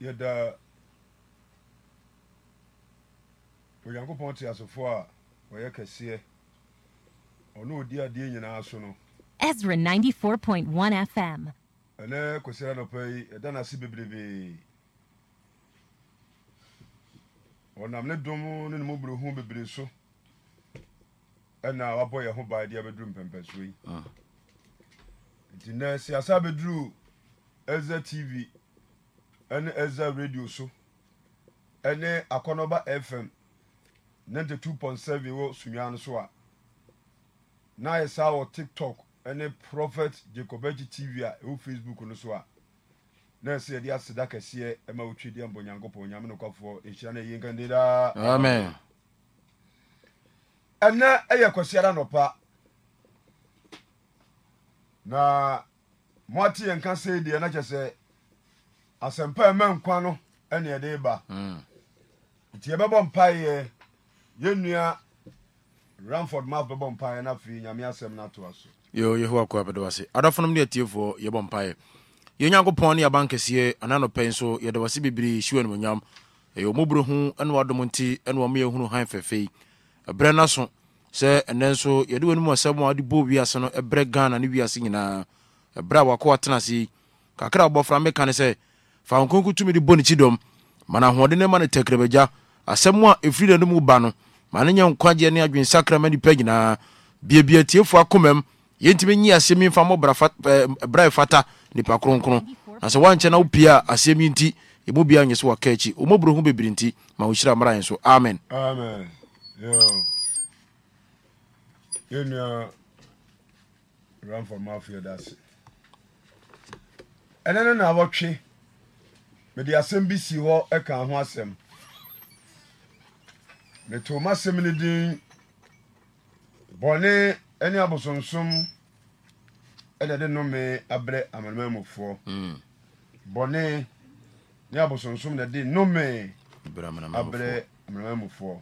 yɛda onyankopɔn te asefoɔ a ɔyɛ kɛseɛ ɔne ɔdi adeɛ nyinaa so no Ezra 94.1 FM. ɛnɛ kɔsira nɔpa yi ɛda no ase bebrebee ɔnam ne dom ne ne mɔborɔhu bebree so ɛna wabɔ yɛ ho baa deɛ bɛduru mpɛmpɛsoɔ yi ah. nti nɛ sɛ asa bɛduru tv ɛne ɛza radio so ɛne akɔnɔba fm ninety two point seven wɔ sunyɛn no so a na ayɛ saa wɔ tiktok ɛne prophet jacobechi tv a ɛwɔ facebook no so a na ɛsɛ yɛde aseda kɛseɛ ɛma wotwe deɛ mbɔ nyankopɔn nyame no kwafoɔ ɛhyira no ɛyɛ nkande daa amen ɛnɛ ɛyɛ kwasiara nɔpa na moate yɛnka sɛ deɛ na kyɛ sɛ asɛmpa ma nkwa no ɛne ɛde ba hmm. nti yɛbɛbɔ mpaeɛ yɛnnua ramford maf bɛbɔ mpaeɛ no afei nyame asɛm no atoa so yɛhowa koa bɛde wase adɔfonom ne atiefoɔ yɛbɔ mpaeɛ yɛ nyankopɔn ne yɛaba nkɛseɛ ananɔpɛi so yɛde wase bebree hyiwa animonyam ɛyɛ ɔmɔborɔ hu ɛne wadom nti ɛne wɔma yɛhunu han fɛfei ɛberɛ no so sɛ ɛnɛ nso yɛde wanom asɛm a wiase no ɛberɛ ghana ne wiase nyinaa ɛberɛ a wakɔ watena ase kakra fa ho kronkron tumi de bɔ ne kyi dɔm ma no ahoɔden ne ma no tɛkrɛbagya asɛm a ɛfiri no mu ba no ma no nyɛ nkwagyeɛ ne adwensakrama nipa nyinaa biabia tiefoɔ akomam yɛntumi nyi asɛm yi mfa bra ɛfata nipa kronkron na sɛ woankyɛ na wopie a asɛm yi nti ɛmu bia nyɛ sɛ waka akyi ɔmɔborɔ ho bebree nti ma wohyira mmara yɛn so amen ɛnɛ no na wɔtwe mede asɛm bi si hɔ ɛka ho asɛm metoo m'asɛm no din bɔne ne abosonsom ɛde de nome abrɛ amanamamufoɔ hmm. bɔne ne abosonsom de de nome abrɛ amanamamufoɔ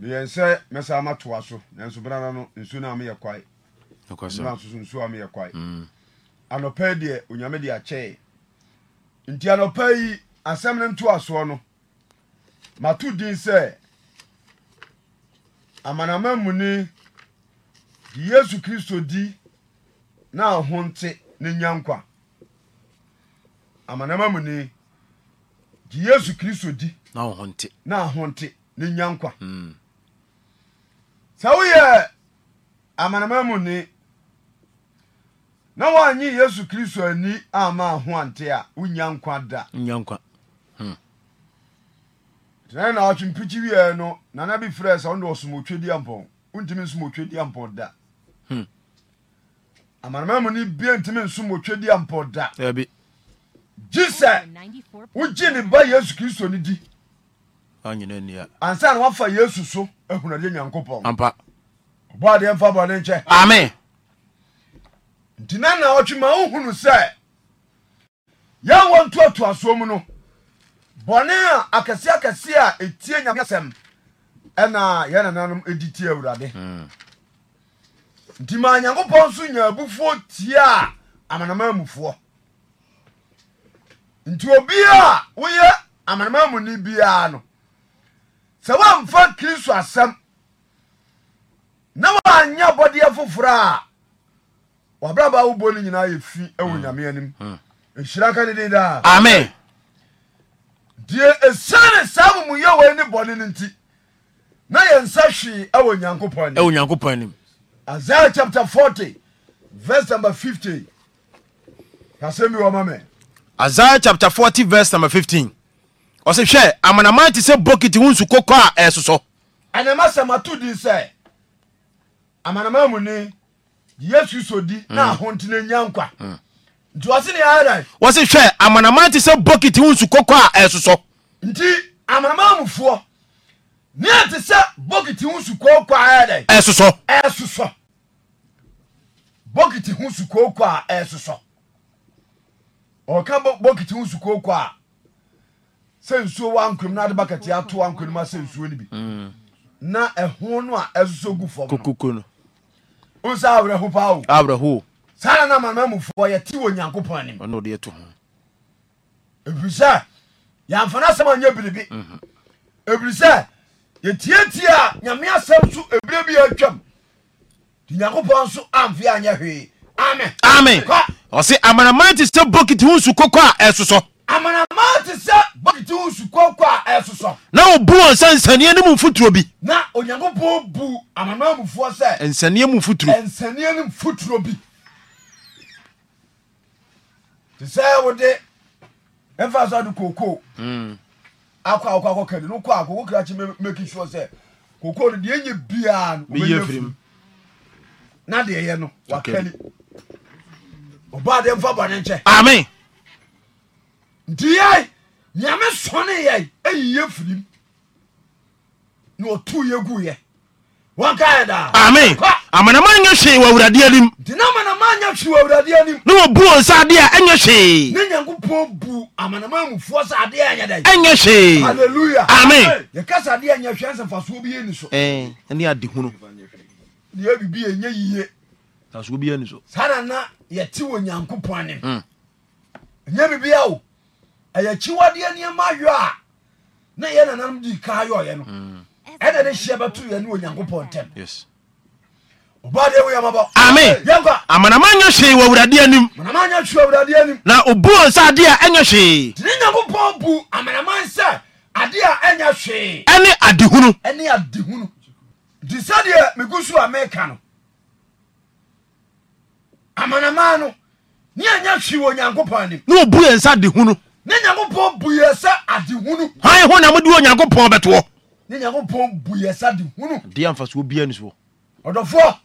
meyɛn sɛ mɛsa matoa so nanso berana no nsuo no a kwae nsuo a kwae hmm. anɔpɛ deɛ onyame de akyɛe nti anɔpa yi asɛm no ntoasoɔ no mato din sɛ amanamamuni de yesu kristo di na ho nte ne nya nkwa amanamamuni de yesu kristo di na ho nte ne nya nkwa hmm. sɛ woyɛ amanamamuni na wɔanyi yesu kristo ani ama ho ante a wonya nkwa da nya nkwa hmm. tɛnɛ na atwempikyi wieɛ no nana bi frɛ sɛ wonde ɔsomotwadi ampɔn wontumi nsomotwadi ampɔn da hmm. amanamamu ni bie ntumi nsomotwadi ampɔn da gye sɛ wogye ne ba yesu kristo no di ansa na woafa yesu so ahunade nyankopɔn ɔbɔadeɛ mfa bɔne nkyɛ amen nti na na ɔtwema wohunu sɛ yɛwɔ ntoatoasoɔ mu no bɔne a akɛseɛ akɛseɛ a ɛtie nyamesɛm ɛna yɛnananom ɛdi tie awurade hmm. nti ma nyankopɔn nso nya abufuo tie a amanama mufoɔ nti obi a woyɛ amanama muni biara no sɛ woamfa kristo asɛm na woanyɛ bɔdeɛ foforɔ a wabraba wobɔ no nyinaa yɛ fi wɔ hmm. nyame anim hmm. nhyira ka deden daa amen deɛ ɛsiane saa momuyɛ wei ne bɔne no nti na yɛnsa hwee wɔ nyankopɔn ɛwɔ nyankopɔn anim isaiah chapter forty, verse number fifty. kasɛm bi wɔ ma me isaiah chapter forty, verse number fifteen. ɔsɛ hwɛ amanaman te sɛ bokiti wo nsukokɔ a ɛɛsosɔ ɛnɛma sɛ mato din sɛ amanaman mu ni yesu so di na mm. ahontena nya nkwa mm. nti wɔse ne ɛdan wɔse hwɛ amanaman te sɛ bokiti wo nsu kɔkɔ a ɛsosɔ nti amanaman mufoɔ ne ɛte sɛ bokiti ho su kookɔ a ɛdan ɛsosɔ ɛsosɔ bokiti ho su kookɔ a ɛsosɔ ɔka bokiti ho su kookɔ a sɛ nsuo wa nkurim na ade bakati ato wa ma asɛ nsuo no bi mm. na ɛho no a ɛsosɔ gu fam no srosaa ra no amanama mufoɔ yɛte wɔ nyankopɔn anim ebirsɛ yɛamfa no asɛm anyɛ biribi ebir mhm. sɛ yɛtieti a nyameɛ asɛm so ebre biatwam nti nyankopɔn so amfeɛanyɛ hweeame ɔse amanaman te sɛ bokitiho su kɔkɔ a ɛsoso amanaman te sɛ bɔkiti wo sukɔkɔ a ɛsosɔ na obu wɔn sɛ nsɛnniɛ ne mu mfuturo bi na onyankopɔn bu amanamanmufoɔ sɛ nsɛnniɛ mu mfuturo ɛnsɛnniɛ no mfuturo bi te sɛ wode ɛmfa so ade kookoo hmm. akɔ a wokɔ akɔka ni no kɔ a kooko kra kye meki sure sɛ kookoo no deɛ ɛnyɛ biaa no meyɛ firi mu na deɛ ɛyɛ no wakani ɔbaa deɛ mfa bɔne nkyɛ amen nti yɛi nyame sɔne yɛi ɛyiyɛ firim na ɔtoo yɛ gu yɛ wɔnkaɛ daa ame amanama nyɛ hwee wɔ awurade anim nti na amanama nyɛ hwee wɔ awurade anim na wɔbu wɔ nsa adeɛ a ɛnyɛ hwee ne nyankopɔn bu amanama mufoɔ sɛ adeɛ ɛnyɛ dɛ ɛnyɛ hwee halleluya ame yɛka sɛ adeɛ ɛnyɛ hwee sɛ mfasoɔ bi yɛni so ɛne ade hunu deɛ bibi enye yie mfasoɔ bi yɛni so saa na na yɛte wɔ nyankopɔn anim mm. ɛnyɛ bibia o ɛyɛ kyiwadeɛ nneɛma ayɔ a na yɛ nananom de ka yɔɔyɛ no mm. ɛna ne hyia bɛto yɛ ne onyankopɔn ntɛm amanama nyɛ hwee wɔ awurade anim na obuo nsa adeɛ a ɛnyɛ hwee tini nyankopɔn bu amanaman sɛ adeɛ a ɛnyɛ hwee ɛne adehunu ɛne adehunu nti sɛdeɛ megu so a meka no amanaman no ne ɛnyɛ hwee wɔ nyankopɔn anim na obuo nsa adehunu ne nyankopɔn adi sɛ adehunu hann ho na mode wɔ onyankopɔn bɛtoɔ ne nyankopɔn buyɛ sɛ adehunu deɛ amfa so obia ni soɔ ɔdɔfoɔ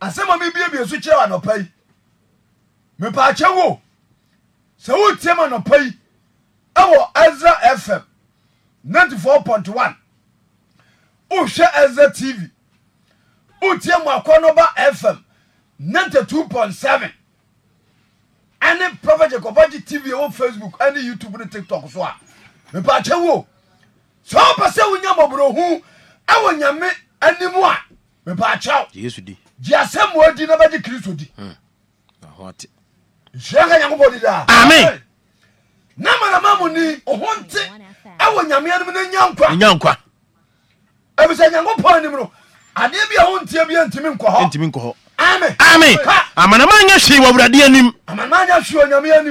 asɛm a mebiabie so kyerɛ w anɔpa yi mepaakyɛ wo sɛ wotiam anɔpa yi ɛwɔ ɛsra fm 94.1 wohwɛ ɛsra tv wotie mu akɔ no ba fm 92.7 ɛne prophet jacobagye tv ɛwɔ facebook ɛne youtube ne tiktok so e a mepakyɛ wo sɛ wopɛ sɛ wonya mmɔborɔhu ɛwɔ nyame anim a mepakyɛw di. asɛm moadi na bɛgye kristo di hmm. nhyira ka nyankopɔn di daa amen na manama mu ni ɔho nte ɛwɔ e nyame anim no nya nkwa nkwa ɛbisɛ nyankopɔn anim no adeɛ bi a ho nteɛ bia ntimi nkɔ hɔ ame amanama nyɛ hwee wɔ awurade anim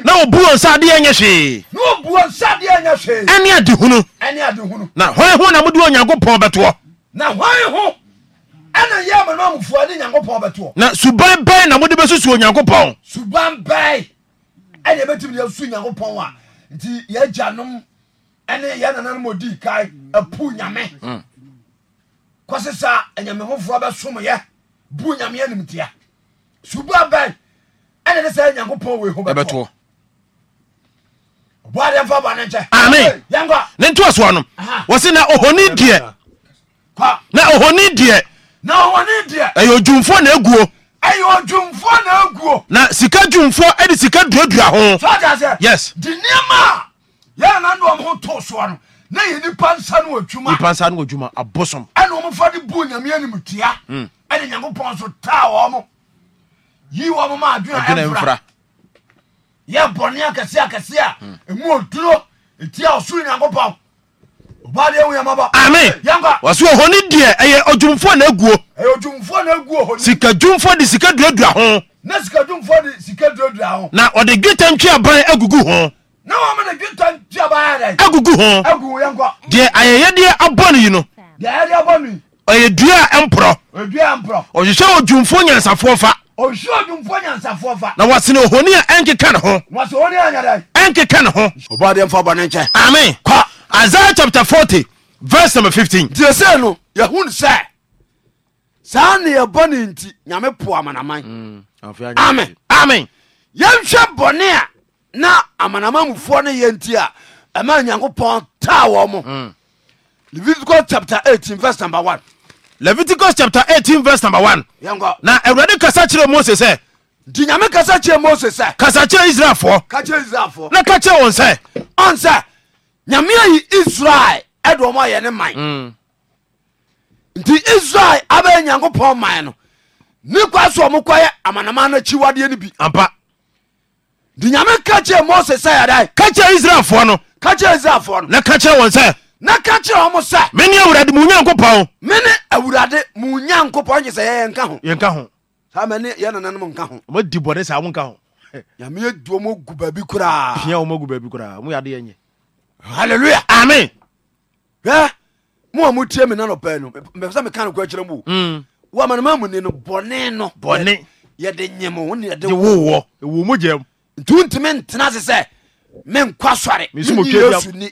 na ɔbu wɔ nsa adeɛ nyɛ hwee ɛne adehunu na hwan ho na mode onyankopɔn bɛtoɔ ɛna yɛ amanama mufuo ne nyankopɔn bɛtoɔ na suban bɛn na mode bɛsusu onyankopɔn suban bɛn ɛne yɛbɛtumi de asu nyankopɔn a nti yɛagyanom ɛne yɛ nananom ɔdii kae apu nyame mm. kɔse sa anyame hofoɔ bɛsomyɛ bu nyame animtia suba bɛn ɛne ne sɛ nyankopɔn wei ho bɛtoɔ ɔboadeɛ mfa bɔne nkyɛ ame yɛnkɔ ne ntoa soɔ no wɔ na ohoni deɛ na ohoni deɛ na ohoni deɛ ɛyɛ odwumfoɔ na aguo ɛyɛ odwumfoɔ na aguo na sika dwumfoɔ ɛde sika duadua ho fata yes de nneɛma a yɛna ne ɔm ho na yɛ nipa nsa no wɔ abosom ɛne ɔmfa de bu nyame animtia mm ɛne nyankopɔn so taa wɔ mo yi wɔ mo ma adwena ɛmfra yɛ bɔne akɛse akɛse a hmm. ɛmu oduro ɛtia ɔsoro nyankopɔn ɔbade ɛwu yɛmabɔ ame wɔso ɔhɔne deɛ ɛyɛ odwumfoɔ na aguo ɛyɛ odwumfoɔ na aguo hɔne sika dwumfoɔ de sika duadua ho na sika dwumfoɔ de sika duadua ho na ɔde dwetɛ ntweaban agugu ho na wɔn de dwetɛ ntweaban adɛ agugu ho agugu yɛnkɔ deɛ ayɛyɛdeɛ abɔ no yi no deɛ ayɛdeɛ abɔ no yi ɔyɛ dua ɛmporɔ ɔhyehyɛ odwumfo nyansafoɔ fa na wɔsene ohoni a ɛnkeka ne ho ɛnkeka ne ho ame kɔ isaia chapter 40 verse number 15 ntiɛ sɛ no yɛhunu sɛ saa ne yɛbɔ ne nti nyame po amanaman mm. amen amen yɛnhwɛ bɔne a na amanamamufoɔ no yɛ nti a ɛma nyankopɔn taa wɔ mo mm. leviticus chapter 18 verse number 1 leviticus chapter 18 verse number one. na awurade kasa kyerɛ mose sɛ nti nyame kasa kyerɛ mose sɛ kasa kyerɛ israelfoɔ ka kyerɛ israelfoɔ na ka kyerɛ wɔn sɛ ɔn sɛ nyame ayi israel ɛde ɔmɔ ayɛ ne man mm. nti israel abɛyɛ nyankopɔn man no ne kwa so ɔmo kɔyɛ amanama no akyiwadeɛ no bi ampa nti nyame ka kyerɛ mose sɛ yɛdɛ ka kyerɛ israelfoɔ no ka kyerɛ israelfoɔ no na ka kyerɛ wɔn sɛ na ka kyerɛ ɔmo sɛ mene awurade mu nyankopɔn mene awurade mu nyankopɔn gye sɛ yɛyɛ nka ho yɛnka ho saa mane yɛ nananom nka ho ɔmadi bɔne saa wonka ho nyame yɛduo mu gu baabi koraa hia wɔmagu baabi koraa mo yɛade yɛnyɛ halleluya ame hwɛ mo a motie me na nɔpɛɛ no mɛ sɛ meka no kɔ akyerɛ mu mm. wo amanoma mu no bɔne no bɔne yɛde nyem wo ne yɛde wowɔ ɛwɔ mu gyam nti wontimi ntena se sɛ menkɔ asɔre mesu ni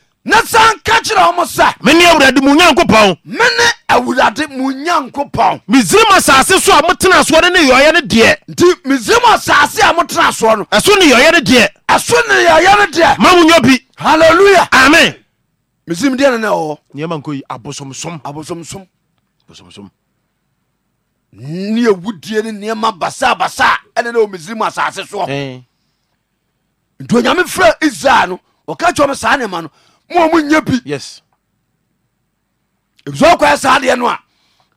ka erwyaopmne wrde ma kp erm sase so tna syyn des soneyyndambi am mewm bssa sase s nyame fra isano kai sa nmano mowɔmo ya bi biso ɔkaɛ saa deɛ no a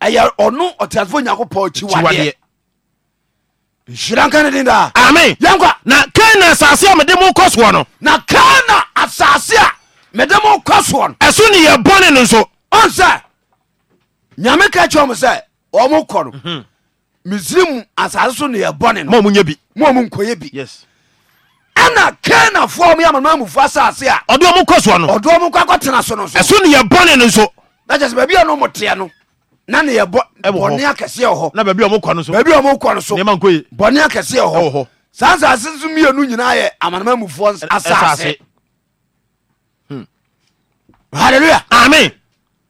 ɛyɛ ɔno ɔteɛs fo nyankopɔ kyiwaɛ nhyera ka no dndaaɛ kana asase a med mokɔ so no na ka na asase a mede mokɔ soɔ no ɛso neyɛ bɔne no nso ɔsɛ nyame ka kyɛ m sɛ ɔ mokɔ no mesirem mhm. asase soneyɛbɔne nomɔm nkɔɛ b ɛna kanafoɔ ɔmo amanamufu asase a ɔde ɔmo kɔ soɔ no ɔde ɔmo kɔ akɔtena so no so ɛso ne yɛ bɔne no nso na kyɛ sɛ baabi a no mo teɛ no na ne yɛ bɔne akɛseɛ wɔ hɔ na baabi a ɔmo kɔ no so baabi a ɔmo kɔ no so nneɛma nko ye bɔne akɛseɛ wɔ hɔ saa asase so mmienu nyinaa yɛ amanamufuɔ asase hmm. hallelujah amen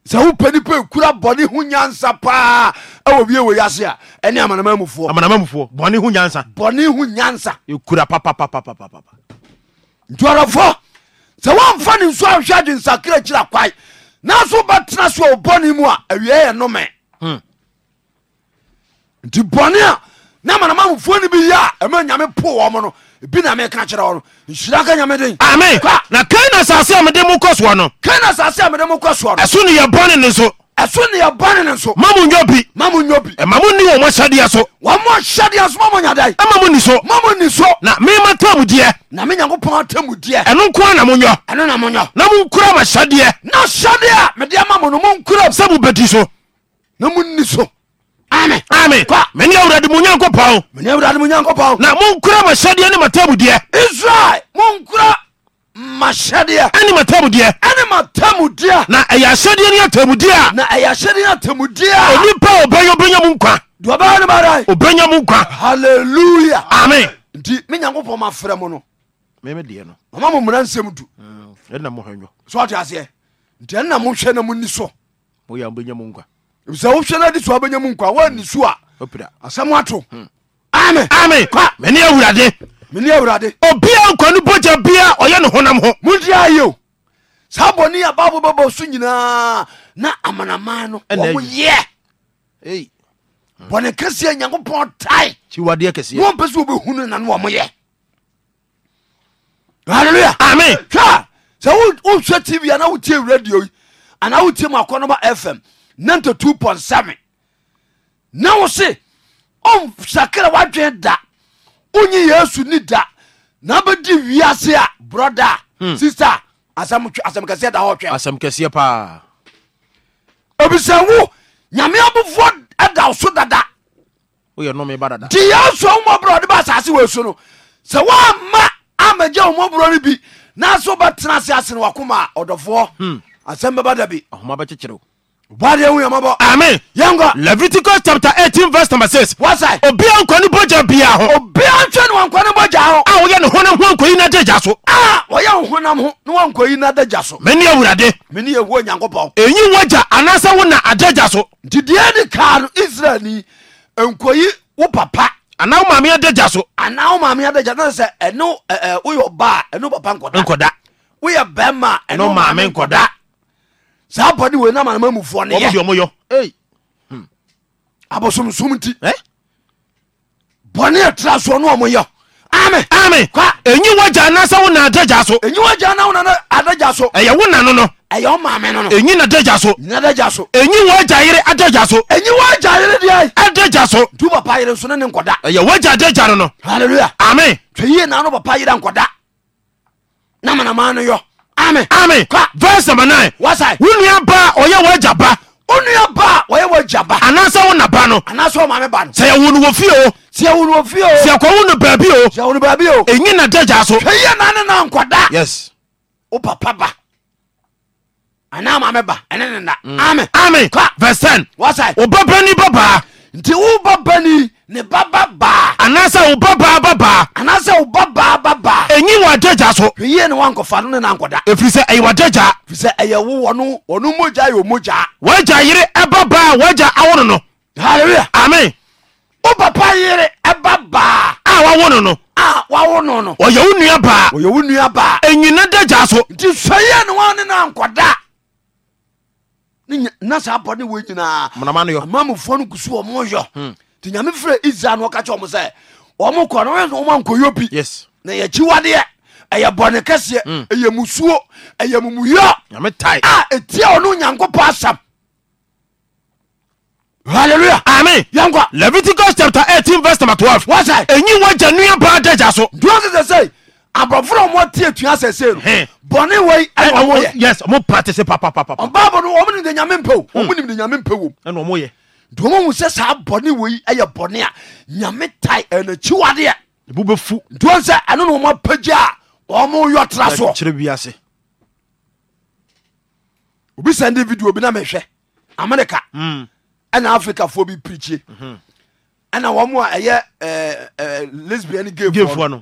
sɛ wopɛ nipa kura bɔne ho nyansa paa ɛwɔ wie wɔ yase a ɛne amanamamufoɔ amanamamufoɔ bɔne ho nyansa bɔne ho nyansa ɛkura papapapapapa ntuarɔfoɔ sɛ woamfa ne nsu ahwɛ adwe nsakra kyira kwae nanso wobɛtena so a wobɔne mu a awie yɛ nome hmm. nti bɔne a na amanamamufoɔ no bi yɛ a ɛma nyame po wɔ mo no bi mekakrɛa am na kana sase mede moko saosoneya bone noonmab mamoni sadeɛ sodani so no nmema ta modyakpɔno ko naoy nmokra ma syadeɛnaad mao mene awurade mu nyankopɔn na monkura mahyɛdeɛ ne matamudeɛ israel monkura mahyɛdeɛ ɛne matamudeɛ ɛne matamudeɛ na ɛyɛ ahyɛdeɛ ne atamudeɛ a na ɛyɛ ahyɛdeɛ ne atamudeɛ a onipa a ɔbɛyɛ ɔbɛnya mu nkwa deɛ ɔbɛyɛ no bɛda mu nkwa halleluya amen nti me nyankopɔn mafrɛ mo no mɛmɛdeɛ no mama mo mmara nsɛm du ɛnna mohwɛ nwɔ so ate aseɛ nti ɛnna mohwɛ na monni so moyɛ ɔbɛnya mu eh, nkwa sɛ wohwɛ no ade so wabɛnya mu nkwa woani so asɛm ato hmm. ame mene awurade obia nkwa no bogya bia ɔyɛ ne honam ho modi ayeo saa bɔne a bible bɛbɔ so nyinaa na amanama no ɔmoyɛ bɔne kɛseɛ nyankopɔn tae wompɛ sɛ wobɛhu no na no ame hwɛ sɛ wohwɛ tv anaa wotie radio anaa wotie mu akɔnɔba fm 92.7 na wo se ɔnsakra w'adwene da wonye yesu ni da na bɛdi wiase a brɔda a hmm. sista asɛmkɛseɛ da hɔtwɛ asɛmkɛseɛ paa ebisɛ wo nyame abofoɔ ɛdaw so dada woyɛ nome ba dada nti yesu ahomɔborɔ ɔde ba asase wɔ su no sɛ woamma amagya ahomɔborɔ no bi na so wobɛtena ase asene wakoma a ɔdɔfoɔ hmm. asɛm bɛba da bi ahoma bɛkyekyerew ame leviticus chapter 18 verse number 6 wasa obia nkwane bogya bia ho obia ntwe ne wankwane bogya ho a woyɛ ne honam ho nkɔyi no adagya so a wɔyɛ honam ho ne wankɔyi no adagya so mene awurade mene yɛwɔ nyankopɔn ɛnyi wagya anaasɛ wo na adagya so nti deɛ de kaa no israel ni nkɔyi wo papa anaa wo maame adagya so anaa wo maame adagya na sɛ ɛne woyɛ ɔba a papa nkɔda woyɛ bɛrima ɛne maame nkɔda saa bɔde wei nam anama mufoɔ ne yɛ hmm. abosomsom nti eh? bɔne ɛtra soɔ ne ɔmo yɛ ame ame kwa ɛnyi wagya na sɛ wo na adagya so ɛnyi wagya na wo na adagya so ɛyɛ wo na no no ɛyɛ ɔmaame no no ɛnyi na adagya so ɛnyi adagya so ɛnyi wagya yere adagya so ɛnyi wagya yere deɛ adagya so tu papa yere nso ne ne nkɔda ɛyɛ wagya adagya no no hallelujah ame twɛ yie na no papa yere nkɔda na manama no yɔ ami ami verse number nine wasa wúnìyà bá ọ̀yẹ́ wọ́n jà bá wúnìyà bá ọ̀yẹ́ wọ́n jà bá anásá wọn nà bá no anásá wọn maame bá no sẹ̀yẹ̀ wọ́n wọ́n fi o sẹ̀yẹ̀ wọ́n wọ́n fi o sẹ̀yẹ̀ kọ́ wọ́n bẹ̀ẹ̀bi o sẹ̀yẹ̀ wọ́n bẹ̀ẹ̀bi o èyí nà dẹ́jà so èyí nà ní nà nkọ́dá yes o papa ba aná maame ba ẹni nà ami ami verse ten wasa o bá bẹ́ẹ̀ ní bá nti woba bani ne baba baa anasɛ wo babaa babaa anasɛ wo babaa babaa ɛnyi wɔ adagya so hweyie ne wankɔfa no ne nankɔda ɛfiri sɛ ɛyɛ wadagyaa firi sɛ ɛyɛ wo wɔno wɔno mogya yɛ omogyaa wagya yere ɛbabaa wagya awono no halleluya amen wo papa yere ɛba baa a wawo no no a wawo no no ɔyɛ wo nua baa ɔyɛ wo nua baa ɛnyina dagya so nti sɛ yɛ ne na nankɔda na saa bɔne nyinaa amamufoɔ no kusu wɔ yɔ hmm. nti nyame frɛ israel no ɔka kyɛ ɔmo sɛ ɔmo kɔ no ɔma nkɔyɔ bi na yɛkyiwadeɛ ɛyɛ bɔne kɛseɛ hmm. ɛyɛ musuo ɛyɛ mumuyɔ a ɛtia ɔno onyankopɔn asɛm hallelujah amen yankwa leviticus chapter 18 verse number 12 wasa ɛnyi wagya nnuabaa dagya so duɔ sɛ sɛ sɛ aborɔforo ɔmɔte atua sɛ se no bɔne wei ɛnɔmoyɛmo pate sɛ papababɔ no ni de nyame mpɛ o hmm. ɔmo de nyame mpɛ wom ɛna ɔmoyɛ nti ɔmohu sɛ saa bɔne je ɛyɛ bɔne a nyame tae ɛnakyiwadeɛ bu fu ntuon sɛ ɛno na ɔmo apagya a ɔmo yɔ tra soɔ kyerɛ bi obi sɛnde video bi na mehwɛ amerika hmm. ɛna fo bi hmm. ɛna a ɛyɛ eh, eh, lesbian give one.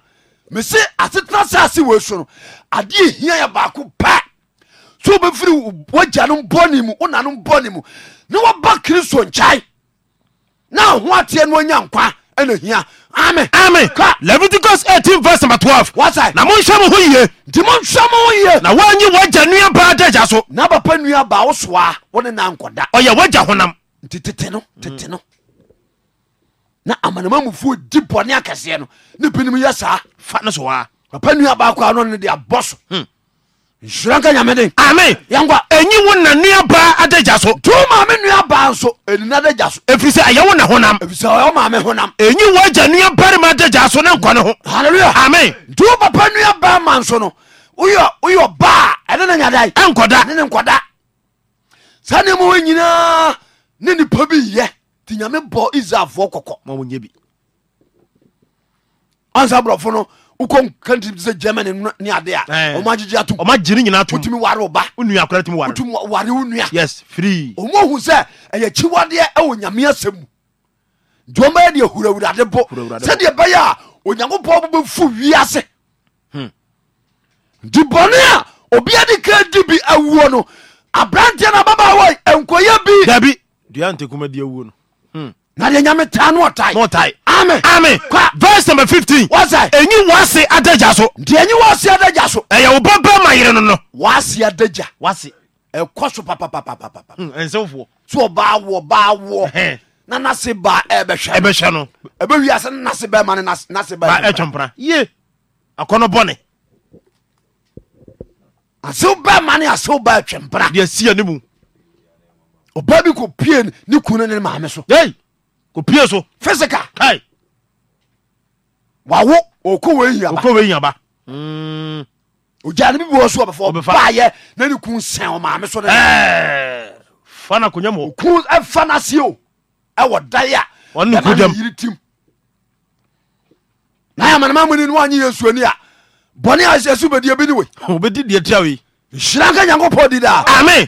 mese asetena sase wei so no adeɛ hia yɛ baako pa so wobɛfiri wagya no bɔne mu wonano bɔne mu na wɔba kristo nkyae na ho ateɛ no anya nkwa ɛna hia ame leviticus 18 verse number 12 wasa na monhwɛ mo ho yie nti monhwɛ mo ho yie na woanyi wagya nua baa dagya so na papa nua baa wo soa wo ne nankɔda ɔyɛ wagya honam nti tete no tete no mm na amanama mufuo di bɔne akɛseɛ no ne binom yɛ saa fa no so waa papa nua baako ano no de abɔ so hmm. nhyira nka nyame den ame yɛnkwa ɛnyi wo na nuabaa adagya so tu maame nuabaa nso ɛnina adagya so ɛfiri sɛ ɛyɛ wo na honam ɛfiri sɛ ɔyɛ maame honam ɛnyi wo agya nuabarima adagya so ne nkɔ ne ho halleluya ame nti wo papa nuabaa ma nso no woyɛ woyɛ ɔbaa ɛne ne nyadae ɛnkɔda ne ne nkɔda saa nneɛma wɔ nyinaa ne nipa bi yɛ nti nyame bɔ israelfoɔ kɔkɔ ma wɔnyɛ bi ansa borɔfo no wokɔ country sɛ germany ne ade a eh. ɔma agyegye atom ɔma gye ne nyinaa tomwotumi ware wo ba wonua akora tumi ware wotumi ware wo nua yes free ɔmo hu sɛ ɛyɛ kyiwadeɛ ɛwɔ nyame asɛm mu nti ɔmɛyɛ deɛ hurawurade bo sɛdeɛ ɛbɛyɛ a onyankopɔn bobɛfu wiase nti hmm. bɔne a obia de ka di bi awuo no aberanteɛ no ababaa nkɔyɛ bi dabi dua ntekuma di awuo no nade nyame taa ne ɔtae amen amen kwa verse number fifteen wɔsɛ enyi wɔase adagya so nti enyi wɔase adagya so ɛyɛ wo bɛbɛ ma yere no no wɔase adagya wɔase ɛkɔ so papapapapapa hmm, nsɛmfoɔ so ɔbaa wɔ baa wɔ na nase ba ɛbɛhwɛ ɛbɛhwɛ no ɛbɛwi ase na nase bɛɛ ma ne nase ba ɛtwɛmpra ye akɔnɔ bɔne asew bɛɛ ma ne asew bɛɛ twɛmpra deɛ si animu ɔbaa bi kɔ pie ne kunu ne ne maame so. Hey! kòpie so physical kai wawo oko wei yaba oko wei yaba hmm. ojane bi wɔ so ɔbɛfɔ ɔbayɛ na ne kun sɛn ɔmaame so ne fa na konya mɔ kun ɛfa na se o ɛwɔ dae a ɔne ko dɛm yiri tim na yɛ amanama ni ni wɔn anyi yɛ nsuoni a bɔnne a yɛ sɛ su di ebi ni we. o bɛ di diɛ tia o ye. nsira nka nyankopɔ di da. ami.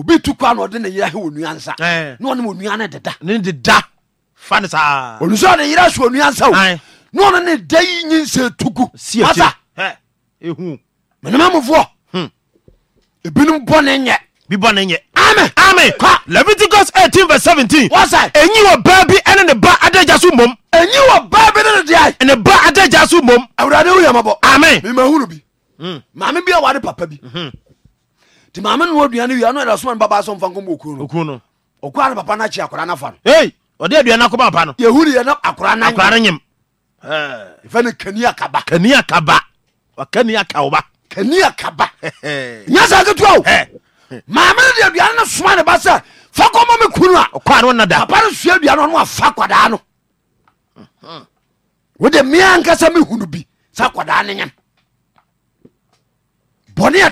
obi tu kwa na ɔde ne yerɛ hɛ wɔ nua nsa eh. na ɔne ma onua ne deda ne deda fa ne saa onu sɛ ɔde so onua nsa o na ɔne ne da yi nyinsɛ tugu masa menema mofoɔ hmm. ebinom bɔne nyɛ bi bɔne nyɛ ame ame ka leviticus 18 vs 17 wɔsɛ ɛnyi wɔ baa bi ɛne ne ba adagya so mmom ɛnyi wɔ baa bi ne ne deɛ ne ba adagya so mmom awurade woyamabɔ ame memahunu bi hmm. maame bi awade papa bi hmm. m dedun aaa bonra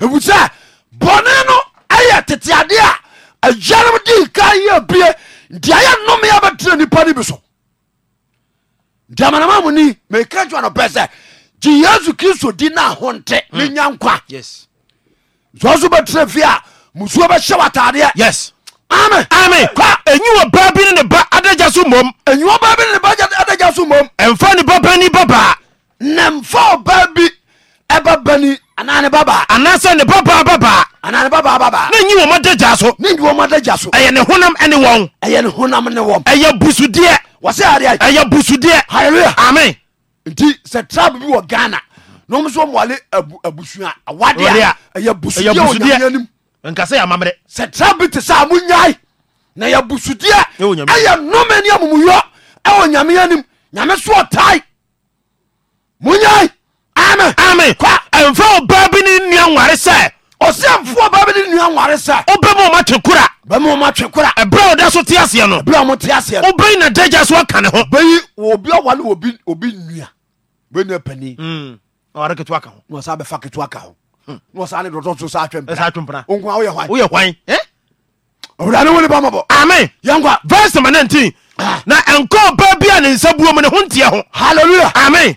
fsɛ bɔn no yɛ teteadea ya eka yib tyɛnoabtra nipan bso a ye kso no yaka tf ɛaanb nemfababi ɛba bani anaa baba babaa anaasɛ ne baba baba anaa baba baba ne na nyi wɔn adagya so ne nyi wɔn adagya so ɛyɛ ne honam ne wɔn ɛyɛ ne honam ne wɔn ɛyɛ busudeɛ wɔsɛ adeɛ ɛyɛ busudeɛ hallelujah amen nti sɛ tribe bi wɔ ghana na wɔn nso wɔale abusua awadeɛ ɛyɛ busudeɛ wɔ nyame anim nkasa yɛ sɛ tribe bi te sɛ a mo na yɛ busudeɛ ɛyɛ nnome ne amumuyɔ ɛwɔ nyame anim amen amen kwa ɛmfa ɔbaa bi ne nua nware sɛ ɔsɛ mfoɔ baa bi ne nua nware sɛ wobɛma ɔma twe kora bɛma ɔma twe kora ɛberɛ a ɔda so te aseɛ no berɛ a ɔmo te aseɛ no wobɛyi na dagya so aka ne ho bɛyi obi ɔwale obi obi nua bɛnua pani hmm. ɔware ketewa ka ho na ɔsa bɛfa ketewa ka ho na ɔsa ne dɔdɔ so sa atwɛ mpra onkwa woyɛ hwan woyɛ hwan ɔwura eh? ne wone bamabɔ amen yɛnkwa verse 19 ah. na ɛnkɔ ɔbaa bi a ne nsa buo mu ne ho nteɛ ho halleluya amen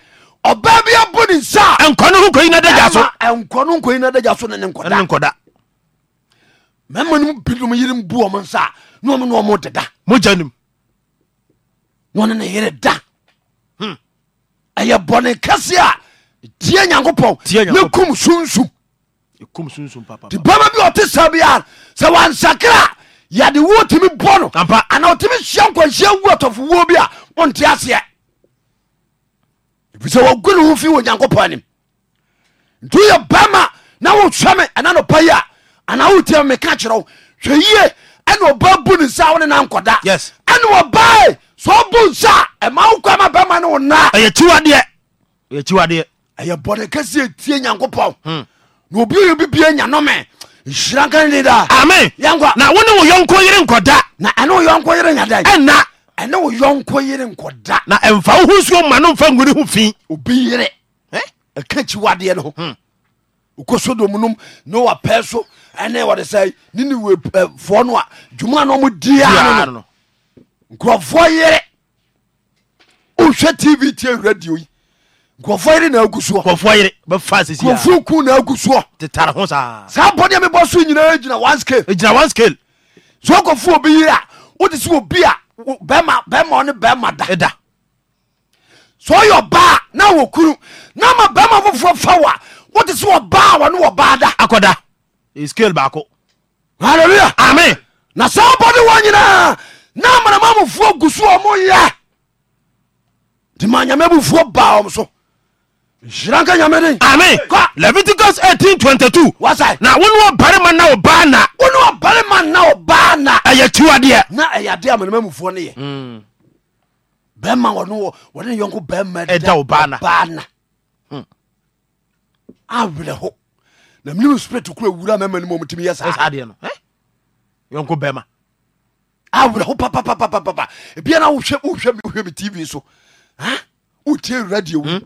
ɔbaa bi abɔ ne nsa nkɔ no ho kɔyi na dagya so nkɔ no nkɔyi na dagya so ne ne nkɔda nkɔda mɛma no binom yere bu ɔmo nsa ne ɔmo ne ɔmo deda mogya nim na ɔne ne yere da hmm. ɛyɛ bɔne kɛse a tie nyankopɔn ne kum sunsum ti bɛma bi ɔte sa bia sɛ wansakra yɛde wo tumi bɔ no anaa ɔtumi hyia nkwanhyia wu atɔfo wuo bi a ɔnte aseɛ fisɛ wɔgu ne ho fi wɔ nyankopɔn anim nti woyɛ bama na wohwɛ me ɛna nɔpa yi a anaa wotia meka kyerɛ wo hwɛ yie ɛna ɔba bu ne nsa wo nankɔda ɛne wɔbae sɛ ɔbu nsa ɛma wo kwa bɛma ne wo naa ɛyɛ ɛyɛ bɔne kɛseɛ tie nyankopɔn na obi yɛ bibia nyanome nhyira nka ne daa ame na wo wo yɔnko yere nkɔda na ɛne wo yɔnko yere nyada ɛna ɛne wo yɔnko yere nkɔda na ɛmfa wo ho suo ma no mfa ngone ho fi obi yere ɛka kyiwadeɛ no ho hmm. wokɔ sodom nom na wapɛɛ so ɛne wɔde sɛ nenewefoɔ no a dwuma no ɔmo diaa no no nkurɔfoɔ yere wohwɛ tv tie radio yi nkurɔfoɔ yere na agu soɔ kɔfoɔ yere bɛfa sisi a nkurɔfoɔ ku na agu soɔ tetare ho saa saa bɔdeɛ mebɔ so nyinaa gyina one scale gyina one scale so ɔkɔfoɔ obi yere a wode sɛ obi a bɛma ɔne bɛma da sɛ ɔyɛ ɔbaa na wɔkunu na ma bɛma foforɔ fa wo a wote sɛ wɔbaa wɔne wɔbaa da akɔda scale baako halleluya ame na sɛ wobɔde wɔ nyinaa na amanama mofoɔ gu so ɔ mo yɛ nti ma nyame abufuo baa ɔm so nsiranka nyameden. ami kɔ leviticus eighteen twenty wasa. na wọn wọ barima na o ba na. wọn wọ barima na o hmm. ba hmm. na. ɛyɛ tiwadeɛ. Eh? na ɛyɛ adeɛ amana mu fɔ ne yɛ. bɛrima wɔn wɔ wɔn ne yɔnko bɛrima da o ba na. ba na. awele hɔ na minimu spirit kura wura mɛma ni mu timi yɛ saa. ɛsɛ adeɛ no yɔnko bɛrima. awele hɔ papapapapa ebi na wohwɛ wohwɛ mi tv so wotie radio. Mm.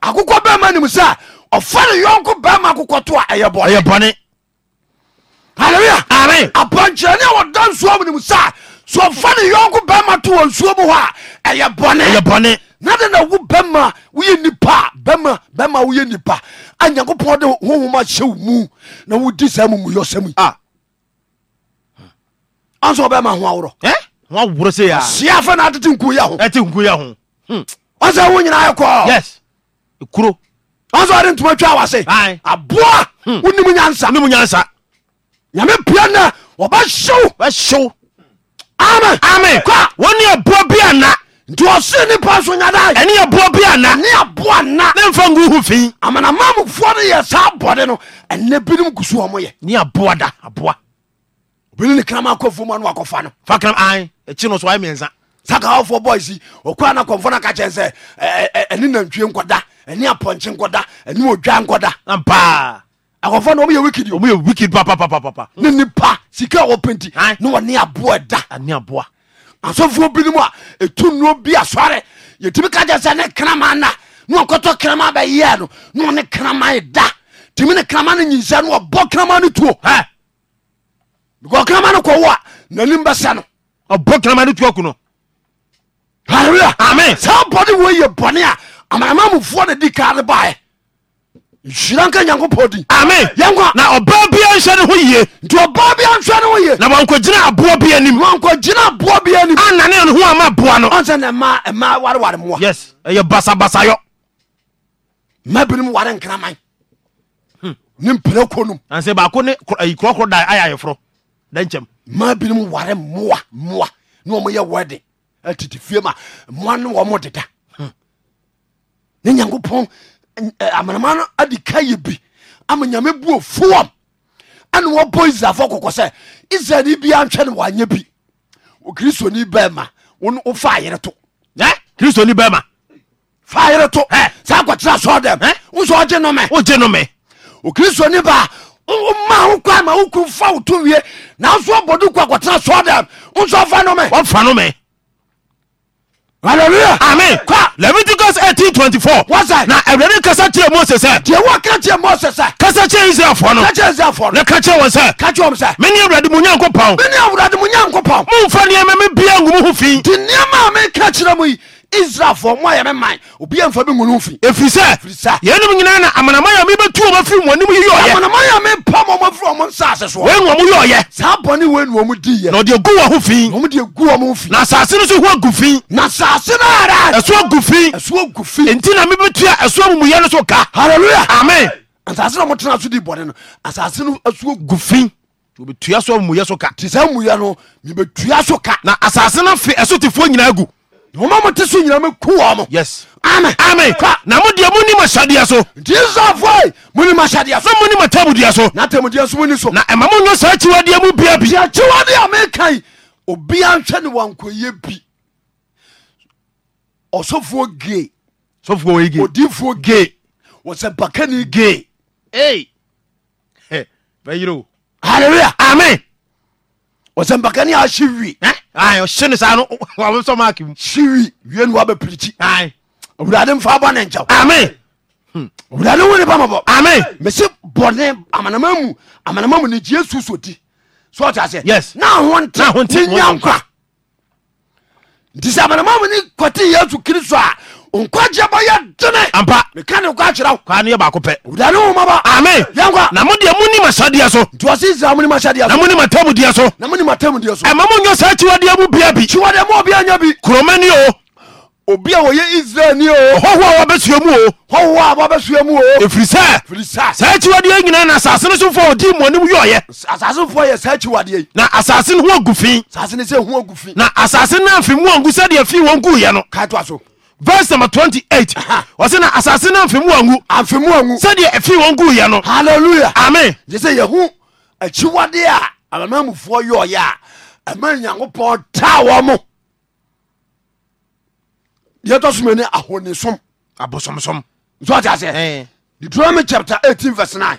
akokɔ bɛma nim sɛ ɔfane yɔnko bɛma akokɔ to a ɛyɛ bɔne alelua abankyerɛne a wɔda nsuom nim sɛ so ɔfane yɔnko bɛma to wɔ nsuo mu hɔ a ɛyɛ bɔne na de na wo bɛma woyɛ nipa bɛma bɛma woyɛ nipa a nyankopɔn de hohoma hyɛ wo mu na wodi saa mumuyɔsɛm yi anso ɔbɛma ho aworɔ waworɔ sɛ yɛa sia fa na atete nku yɛ ho ɛte nku yɛ ho hmm. ɔsɛ wo nyinaa yɛ kɔɔ yes kuro ɔnso ɔde ntoma twa wase aboa hmm. wonim nyansa wonim nyansa nyame pia nɛ ɔba hyew ɛhyew amen amen kɔ wɔne aboa bi ana nti ɔse nipa so nyada ɛne aboa bi ana ne aboa na ne mfa ngu ho fi amanamamufoɔ no yɛ saa bɔde no ɛnɛ binom kusu ɔmo yɛ ne aboa da aboa obini ne krama akɔfo mu ano akɔfa no fa kram an akyi no so ayɛ mmiɛnsa saka ɔfoɔ bɔisi ɔkɔa na kɔmfo no ka kyɛn sɛ ɛne nantwie nkɔda ɛne apɔnkye nkɔda ɛne odwa nkɔda paa akɔfo na wikid ɔmo yɛ papapapapa ne nipa sika a wɔpɛnti ne wɔne aboa da ani aboa asɔfoɔ binom a ɛtu nnuo bi asɔre yɛtumi ka kyɛ sɛ ne krama na ne ɔkɔtɔ krama bɛyɛɛ no ne ɔne krama da tumi ne krama no nyinsɛ no ɔbɔ krama no tuo because krama no kɔwo a nanim bɛsɛ no ɔbɔ krama no tuo ku no halleluya amen saa bɔne wɔ yɛ bɔne a amamamufoɔ ne di ka de baɛ nhyira nka nyankopɔn din ame yɛnkwa na ɔbaa bia nhyɛ ne ho yie nti ɔbaa bia nhwɛ ne ho yie na wɔnkɔgyina aboɔ bi anim wɔnkɔgyina aboɔ bi anim anane ne ho ama boa no ɔnsɛ ne ma ɛma wareware mmoa yes ɛyɛ basabasayɔ ma binom ware nkraman ne mpira ko nom ansɛ baako ne kurɔkorɔ da ayɛ ayeforɔ da nkyɛm ma binom ware mmoa mmoa ne ɔmyɛ wɛde atiti fie ma mmoa ne wɔ mo deda ne nyankopɔn amanama no adi ka yɛ bi ama nyame buo fowam ane wɔbɔ israelfoɔ kɔkɔ sɛ israel ne bia ntwɛ no wanyɛ bi kristoni bɛma wofa yere to kristoni bɛma fa yere to saa kɔkyerɛ asɔ dɛm wosɛ ɔgye nome wogye nome okristoni baa ma wo kwa ma wo kuru fa wo to wie nanso ɔbɔdo kɔ akɔtena sɔ dɛm wosɛ ɔfa nome ɔfa nome hallelujah amen kɔ leviticus eighteen twenty four wasa na awurade kasa kyerɛ mose sɛ deɛ wɔ kira kyerɛ mose sɛ kasa kyerɛ israelfoɔ no kasa kyerɛ israelfoɔ no na ka kyerɛ wɔn sɛ ka kyerɛ wɔn sɛ me ni awurade mu nyanko pɔn me ni awurade mu nyanko pɔn mo nfa nneɛma mi bia ngumu ho fi nti nneɛma mi ka kyerɛ mu yi Israel israelfoɔ mo a yɛ mema obia mfa bi wuno mfiri ɛfiri sɛ yɛnom nyinaa na amanama a mebɛtu ɔma firi mo anim yiyɔyɛ amanama a mepa ma ɔma firi ɔmo nsase soɔ wɔnu ɔmo yɔyɛ saa bɔne wɔnu ɔmo diiɛ na ɔde gu wɔ ho fi ɔmo de gu ɔmo fi na asase no so ho agu fi na asase no ara ɛso agu fi ɛso agu fi enti na mebɛtua ɛso amumuyɛ no so ka halleluya amen asase na ɔmotena so di bɔne no asase no ɛso agu fi obɛtua so amumuyɛ so ka nti saa mumuyɛ no mebɛtua so ka na asase no fe ɛso tefoɔ nyinaa agu noma mote so nyina meku wɔ mo ame na modeɛ monim ahyɛdeɛ so nti safoi monim ahyɛdeɛ so monim atamudua so na atamudua so moni so na ɛma monyɛ saa akyiwadeɛ mu bia bi akyiwadeɛ a mekai obia nhwɛ ne wankɔyɛ bi ɔsɔfoɔ gee sɔfoɔ gee odifoɔ gee wɔsɛ bakani gee bɛyere o hallelujah amen ɔsɛmpaka ne ahye wie ɔhye no saa no wabɛsɔ maake wie wie no wabɛpirikyi awurade mfa bɔ nkyɛw hmm. awurade wo ne mese bɔne amanama mu amanama mu ne gye so ɔte aseɛ yes na ahonte nkwa nti sɛ amanama mu ne kɔte yesu kristo a nkwagye bɔyɛ dene ampa meka ne nkwa kyerɛ kwa ne yɛ baako pɛ wudane woma ame yɛnkwa na modeɛ monim asadeɛ so nti israel monim asadeɛ na monim atamudeɛ so na monim atamudeɛ so ɛma monyɛ saa kyiwadeɛ mu bia bi kyiwadeɛ mu ɔbia nya bi kuroma ni o obi a wɔyɛ israel ni o hɔhoɔ a wɔbɛsua mu o hɔhoɔ a wɔbɛsua mu o ɛfiri sɛ firi sɛ saa akyiwadeɛ nyinaa na asase no sofoɔ ɔdi mmɔnem yɔɔyɛ asase foɔ yɛ saa akyiwadeɛ yi na asase no ho agu fi asase no sɛ ho agu fi na asase no amfi mu ɔngu sɛdeɛ fii wɔn guuyɛ no ka to a so verse number twenty eight ɔsɛ na asase no amfemu wangu amfemu wangu sɛdeɛ ɛfi wɔn gu yɛ no hallelujah amen gye sɛ yɛhu akyiwadeɛ a amamamufoɔ yɛɔyɛ a ɛma nyankopɔn taa wɔ mo yɛtɔ so mani ahonisom abosomsom nso ate aseɛ deuteronomy chapter eighteen verse nine.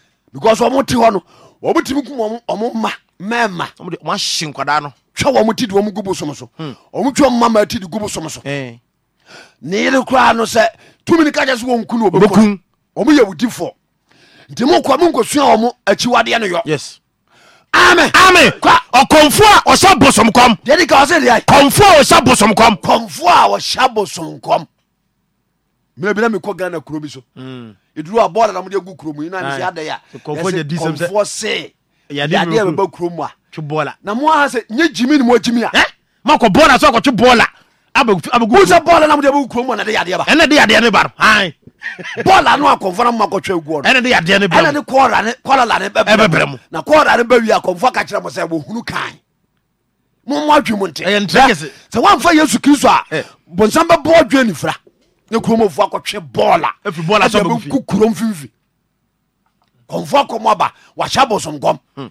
because ɔmo te hɔ no ɔmo timi kum ɔmo ma mɛma ɔmoahye nkwadaa no hwɛ wɔ mo ti de wɔmo gu bosom so ɔmo twa mma ma ti de gu bosom so ne yere koraa no sɛ tumi no ka kyɛ sɛ wɔnku no ɔbɛkum ɔmo yɛ wodifoɔ nti mokɔ mo nkɔsua ɔmo akyiwadeɛ no yɔ ame ame ɔkɔmfo a ɔhyɛ bosom kɔm deɛ ka ɔ sɛ deɛ kɔmfo a ɔhyɛ bosom kɔm kɔmfo a ɔhyɛ bosom kɔm mmerɛ bi na mekɔ ghana kuro bi so ɛduru a bɔɔda na mode agu kuro mu yinane sɛ adɛ a ɛsɛkɔmfoɔ see yadeɛ bɛba kuro mu a na moaha sɛ nyɛ ni ne moagyimi a makɔ bɔɔla so akɔtwe bɔɔla sɛ bɔɔla na mode abagu kuro mu a nade yadeɛ ba ɛnɛ de yadeɛ ne ba no bɔɔla no akɔmfoɔ no makɔtwa aguɔ no ɛnɛ de yadeɛ ne ba ɛnɛ de kɔɔla ne bɛbrɛ mu na kɔɔla ne bɛwie akɔmfoɔ ka kyerɛ mo sɛ wɔhunu kan mommoadwe mu nte sɛ woamfa yesu kristo a bonsam bɛbɔ dwe ne fira ne kuromfo akɔtwe bɔɔla kurom fifi kɔmfo kɔmɔba wahyɛ bosomkɔm hmm.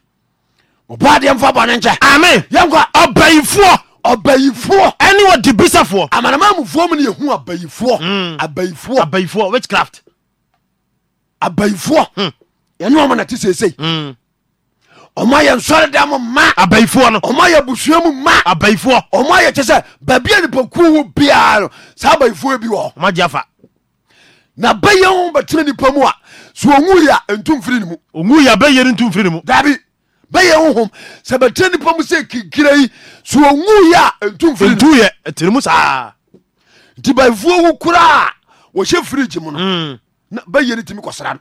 ɔbɔdeɛ mfa bɔne nkyɛ ame yɛnkɔ ɔbayifoɔ ɔbayifoɔ ɛne wɔde bisafoɔ amanama mufoɔ mu no yɛhu abayifoɔ hmm. abayifoɔ abayifoɔ witchcraft abayifoɔ hmm. yɛne ɔmo na te seesei ɔma yɛ nsɔre da mo ma abayifoɔ no ɔma yɛ abusua mu ma abayifoɔ ɔma yɛ kyɛ sɛ baabi nipakuo wo biara no saa abayifoɔ bi wɔ hɔ ɔmagye afa na bɛyɛ ho bɛtena nipa mu a sɛ ɔwu yɛ ntom firi ne yɛ bɛyɛ no ntom firi dabi bɛyɛ honhom sɛ bɛtena nipa mu sɛ kikira yi sɛ ɔwu yɛ a ntom firi ntu yɛ ɛtene mu saa nti bayifoɔ wo koraa wɔhyɛ firigye mu no mm. bɛyɛ no tumi kɔsra no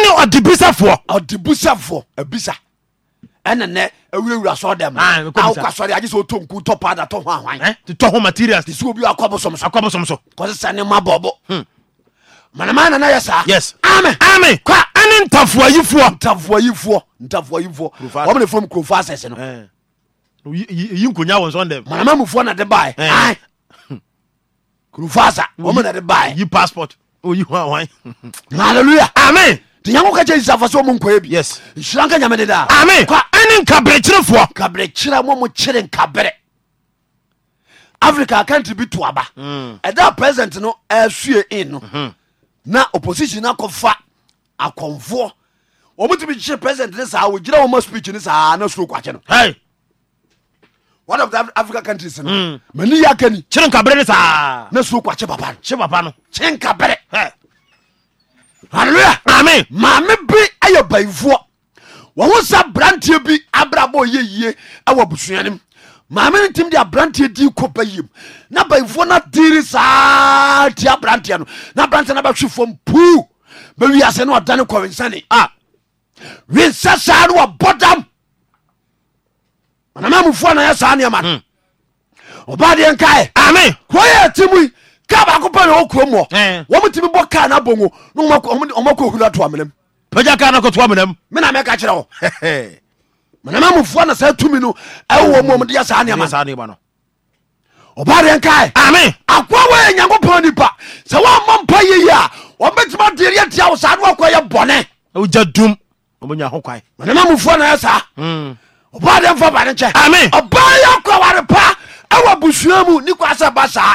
ɛne ɔdebisafoɔ ɔdebisafoɔ abisa ɛnenɛ awurawura sɔ dɛm awokɔ ah, sɔre agye sɛ ɔtɔ nku tɔ paada tɔ ho ahwan eh, tɔ ho materials te sɛ obi akɔ bosom so akɔ bosom so kɔse sɛ ne ma bɔbɔ hmm. manama nana yɛ saa yes ame ame kɔ ɛne ntafoayifoɔ ntafoayifoɔ ntafoayifoɔ wɔmne fam kurofo asɛse no eh. yi nkonya wɔ nsɔn dɛm manama mufoɔ na de baɛ eh. kurofo asa wɔmne de baɛ yi passport oyi ho ahwan hallelujah amen nti nyanko ka kyɛ yisafa sɛ ɔmu nkɔɛ bi yes nhyira nka nyame deda ame ɛne nkaberɛkyerefoɔ kaberɛkyerɛ mo mo kyere nkaberɛ africa country bi to aba hmm. ɛda president no asue in no mhm. na opposition no akɔfa akɔmfoɔ ɔmutumi kyere president ni saa wɔgyina wɔma speech ni saa na suro kwakye no hey. one of the african countries no hmm. mani ya aka ni kyere nkaberɛ ne saa na suro kwakye papa no kye papa no kyere nkaberɛ hey halleluya amen maame bi ayɛ bayifoɔ wɔho sa branteɛ bi abrabɔ yɛ yie ɛwɔ abusua no mu maame no ntimi de abranteɛ di kɔ bayim na bayifoɔ no diri saa tia abranteɛ no na abranteɛ no bɛhwe fam puu bɛwi ase na ɔdane kɔwensane a wensa saa no wɔbɔ dam anama mufoɔ na yɛ saa nneɛma no hmm. ɔba deɛ nkae ame kɔ yɛ mu yi ka baako pa na ɔkuro mɔ wɔn ti mi bɔ kaa na bongo na wɔn akɔ ohun ato amena mu. pɛgya kaa na kɔ to amena mu. mi na mɛ ka kyerɛ o mɛnɛmɛ mu fua na sɛ tumi no ɛwɔ mu ɔmu de yɛ saa nneɛma no ɔba deɛ nkae. ami akwa wɔyɛ nyankopɔn nipa sɛ wɔn mɔ mpa yie yie a wɔn bɛ tuma deɛ yɛ tia o saa ne wɔkɔ yɛ bɔnɛ. o jɛ dum o bɛ nya ho kwan. mɛnɛmɛ mu fua na yɛ saa ɔba deɛ nfa ba ne nkyɛn. ami ɔba yɛ akɔ wari pa ɛwɔ busua mu nikɔ asɛ ba saa.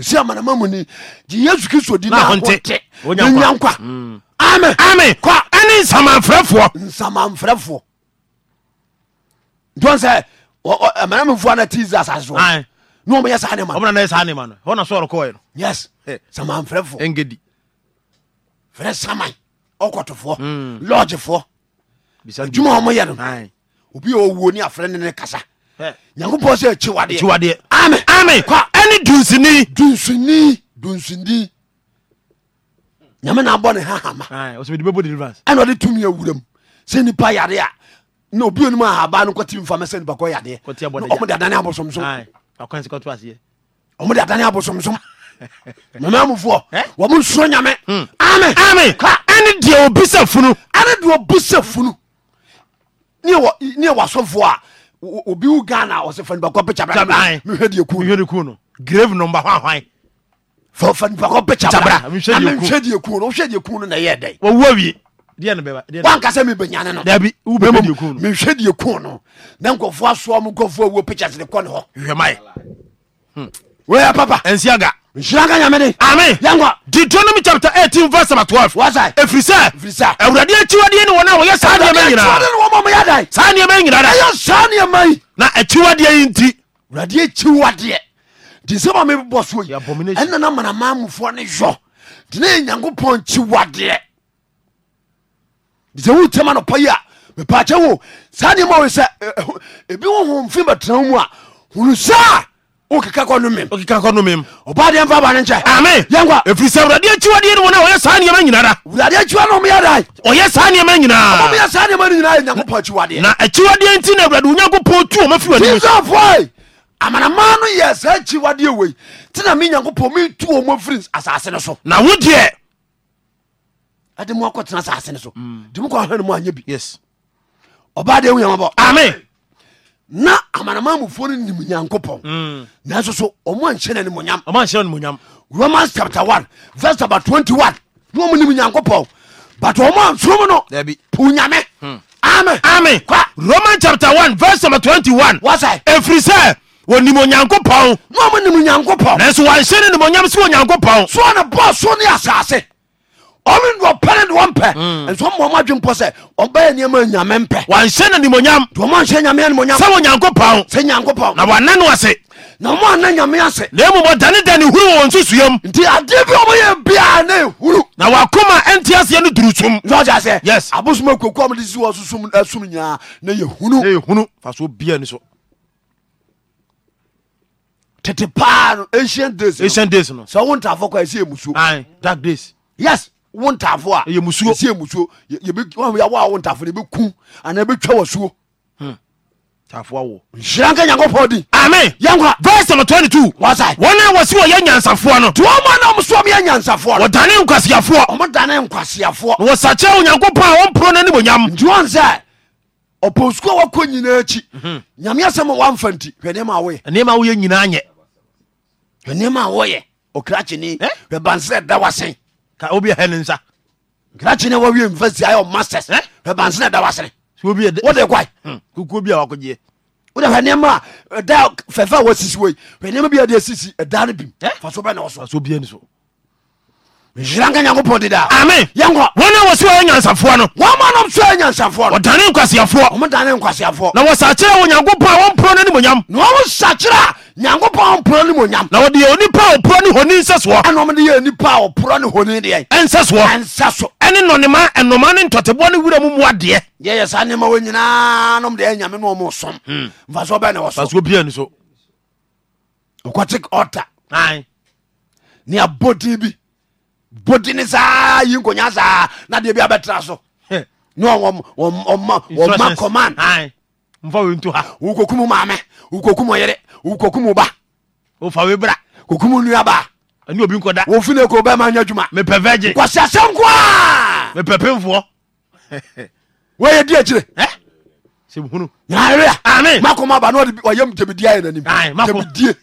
ɛsɛ amanamamu ni gye yesu kristo di na ahonte nya nkwa mm. amen amen kɔ ɛne nsamanfrɛfoɔ nsamanfrɛfoɔ ntɔn sɛ amanamafoɔ eh, ana ti za asase so na wɔn yɛ saa ne ma no saa ne ma wɔn na sɔɔrɔ kɔɔ yɛ no yes eh. samanfrɛfoɔ ɛngedi fɛrɛ saman ɔkɔtofoɔ mm. lɔɔgyefoɔ adwuma wɔn yɛ no obi a ɔwuo ni afrɛ ne ne kasa eh. nyankopɔn sɛ akyiwadeɛ akyiwadeɛ amen amen kɔ ɛne dunsini dunsini dunsini nyame na abɔ ne hahama ɛna ɔde tumi awuram sɛ nipa yare a na obi onim ahaba no kɔtimi mfa mɛ sɛ nipa kɔ yadeɛ ɔmode adane abosomsom ɔmode adane abosomsom mama mufoɔ eh? wɔmo nsuro nyame hmm. ame ka ɛne deɛ obisa funu ɛne deɛ obisa funu ne yɛwɔ asɔfoɔ a obi wo ghana ɔsɛ fa nipa kɔ pɛkyabra mehwɛ deɛ ku no ku no grave number hwahwan fa fa nipa kɔ pɛkyabra amehwɛ deɛ ku no wohwɛ deɛ ku no na ɛyɛ dɛn wɔwɔ wie wankasɛ mebɛnyane no dabi wobɛmɔ mehwɛ deɛ ku no na nkɔfoɔ asoa mu nkɔfoɔ awuo pictures de kɔ ne hɔ hwɛmaɛ wɛyɛ papa ɛnsiaga nhyira ka nyame de deuteronomy chapter 18 verse number 12 wasa ɛfiri sɛ ɛfiri sɛ awurade akyiwadeɛ ne wɔn a wɔyɛ saa nneɛma nyinaa ne wɔn mɔmɔ yɛda saa nneɛma nyinaa da ɛyɛ saa nneɛma yi na akyiwadeɛ yi nti awurade akyiwadeɛ nti sɛ ma mebɔ so yi ɛnna na manama mufoɔ ne yɔ nti ne yɛ nyankopɔn kyiwadeɛ nti sɛ wotɛma no pɔ yi a mepaakyɛ wo saa nneɛma wɔ sɛ ebi wɔ ho mfi bɛtena mu a hunu saa wokeka kɔ no mem okeka kɔ no mem ɔba deɛ mfa ba no nkyɛ ame yɛnkwa ɛfiri sɛ awurade akyiwadeɛ no wɔ no a ɔyɛ saa nneɛma nyinaa da awurade akyiwa no ɔmyɛ da ɔyɛ saa nneɛma nyinaa ɔmyɛ saa nneɛma no nyinaa yɛ nyankopɔn akyiwadeɛ na akyiwadeɛ nti na awurade onyankopɔn tu ɔma firi wadi sɔfoɔ amanama no yɛ saa akyiwadeɛ wei nti na me nyankopɔn metu ɔ ma firi asase no so na wo deɛ ɛde mo akɔtena asase no so de mo kɔhwɛ no mu anyɛ bi ɔba deɛ wo yamabɔ amen na amanamamufoɔ no nim nyankopɔn mm. nanso so ɔmo anhyɛ no animonyam ɔmo anhyɛ no animonyam romans chapter one verse number twenty one na ɔmo nim nyankopɔn but ɔmo ansom no po nyame hmm. amen amen kwa romans chapter one verse number twenty one wasa efiri sɛ wɔnim onyankopɔn na ɔmo nim nyankopɔn nanso wɔanhyɛ no animonyam sɛ onyankopɔn so ɔne bɔɔ so ne asase ɔno deɛ ɔpɛne de wɔmpɛ mm. nso ɔma ɔma adwe mpɔ sɛ ɔbɛyɛ nneɛma nyame mpɛ wanhyɛ no nimonyam deɛ ɔma nhyɛ nyame animonyam sɛ wɔ nyankopɔn sɛ nyankopɔn na wana no ase na mo ana nyame ase na mmom ɔdanedane huru wɔ nsusuam nti adeɛ bi ɔmɔyɛ biaa na ɛhuru na wakoma ɛnte aseɛ no durusum sɛ sɛ yes abosom akuaku mde si wɔ susum asum eh, nyinaa na yɛhunu yɛhunu fa so bia ni so tete paa no ancient days ancient days no sɛ wo ntafo kɔ ɛsɛ yɛ musuo dark days yes wo ntafo a yɛmusuosie musuo yɛbɛwawa wo ntafo no yɛbɛku anaa yɛbɛtwa wa suo hmm. nhyira nka nyankopɔn din ame yɛnkwa verse number 22 wasa wɔn a wɔsi wɔ yɛ nyansafoɔ no nti wɔma na ɔmsoa yɛ nyansafoɔ no wɔdane nkwaseafoɔ ɔmo nkwaseafoɔ na wɔsakyerɛ onyankopɔn a wɔmporo no animonyam nti wɔn sɛ ɔpɔ sukuo a wakɔ nyinaa akyi mhm. nyame asɛm wamfa nti hwɛ nneɛma woyɛ nneɛma woyɛ nyinaa nyɛ hwɛ nneɛma woyɛ ɔkra kyene eh? hwɛ bansɛ da wasen obi ɛhɛ ne nsa kìláàkì ni wọ́n wí yunifásitì ayé ọ̀ma sẹ̀s ẹ̀bànsìn ẹ̀dá wa sẹ̀rẹ̀ wọ́n dẹ̀ kwai kúkú bí a wà kó jẹ́ wọ́n dẹ̀ fẹ́ nẹ́ẹ̀mà ẹ̀dá fẹ́fẹ́ wọ́n sisi wọ́n yìí nẹ́ẹ̀mà bí a dẹ̀ sisi ẹ̀dá ni bìm faso bẹ́ẹ̀ ni wọ́n sọ. faso bíyẹn ni so. nsira nka yankun pɔn dida. ami yankun. wọn náà wọ sí wọn yansafoɔ no. wọn máa nọ sí wọn yansafoɔ. wọ́n dání nkwasiafoɔ. wọ́n dání na wọ́n sàkyerɛ wọn yankun pɔn àwọn pɔn ní ni mo yam. na wọ́n sàkyerɛ nyankopɔn mporo no monyam na wɔde yɛ onipa a ɔporɔ ne honi nsɛ soɔ ɛnomde yɛ nipa a ɔporɔ ne honi deɛ ɛnsɛ soɔ ɛnsɛ so ɛne nɔnema ɛnoma ne ntɔteboɔ ne wura mu mmoadeɛ yɛyɛ saa nneɛma wɔ nyinaa nom de ɛnyame no ɔmo som hmm. mfa so ɔbɛ ne wɔsosuo biani so ɔkɔte ɔta ne abɔdin bi bɔdin ne saa yi nkonya saa na deɛ bi abɛtera so ne ɔma command wokɔkum maame wokɔkum yere kokum ba wofa we bra kokum nua ba ɛne obi nkɔda wofine ko bɛma nya adwuma mepɛ vɛgye kwasi asɛm ko a mepɛ pemfoɔ di akyire sɛhunu yàrá ami makoma ba n'o de wa yam jabidie yɛ nanim jabidie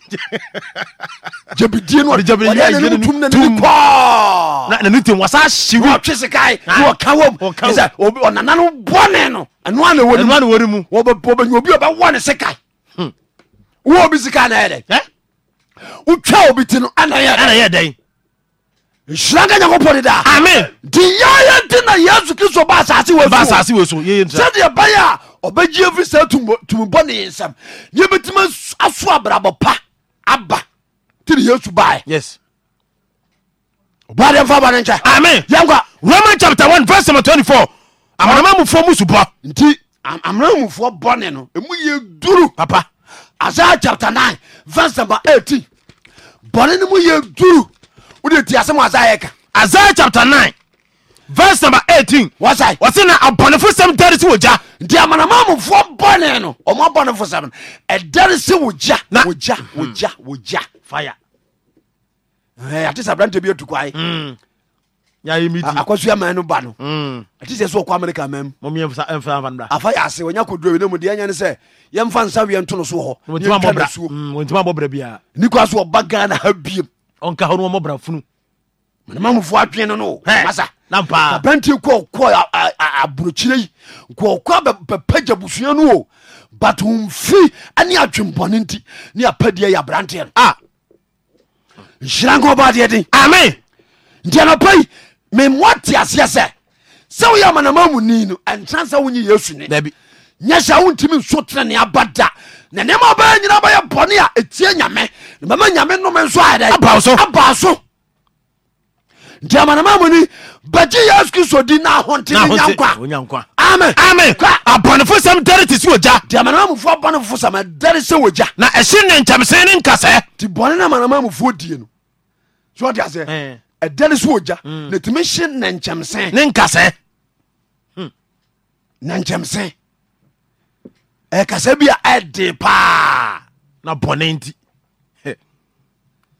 jabidie n'o de tum nanim kɔɔ na nanim tum wasa siwi wa twese ka ye ni wa ɔnana no bɔ no ɛnua na wɔ ne mu ɛnua na wɔ mu wɔ bɛ obi wa ne se ka wo obi sika anayɛ dɛn wotwa obi ti no anayɛ dɛn nhyira nka nyankopɔn de daa amen nti yɛyɛ nti na yesu kristo ba asase wɔsɛdeɛ ɛbɛyɛ a ɔbɛgye firi saa tumubɔ ne nsɛm yɛbɛtumi aso abrabɔ pa aba tiri yesu baɛ yes ɔbɔdeɛ mfa bɔ ne amen yɛnkwa roman chapter one verse number twenty 24 amanamamufoɔ mu subɔ nti amanamamufoɔ bɔne no Emu yɛ duru papa isaiah chapter nine, verse number eighteen. 18 bɔne no mu yɛ duru wode ti asɛm isaiah ka isaiah chapter nine, verse number eighteen. 18 wasae wɔse na abɔnefo sɛm dare se wogya nti amanamamofoɔ bɔne no ɔmo abɔnefo sɛm no ɛdare se wogya wogya wogya wogya fire ate sɛ abrantɛ bi atu kwae akɔso aman no ba no ɛte sɛ sɛ ɔkɔ amerika mam afa yɛ ase ɔnya kɔdura wene mu deɛ ɛnyɛ ne sɛ yɛmfa nsa wiɛ nto no so hɔ nikwa mm, so ɔba ghana ha biem ɔnka hɔ no ɔmɔbra funu manemamufoɔ atwee no no masa bɛnti kɔɔkɔ aburokyire yi nkɔɔkɔ bɛpagya busua no o but mfi ane adwembɔne nti ne apadiɛ yɛ abranteɛ no ah. nhyira nkɔ bɔdeɛ den ame nti anɔpa memowa te aseɛ sɛ sɛ woyɛ amanamamunino ntasɛ woye ysun yɛsɛwotim sotrnebada nmabɛ yinabɛyɛ bɔnea tie yameɛ yame nomsbso ntiamanamamuni baye yes kristo di naahotyaɛ as ka s t bɔne n manamamufo din edere so woja mm. ne timi she ne nkyemsene nkase hmm. nenkyemsen ekase bia ede paa na bone nti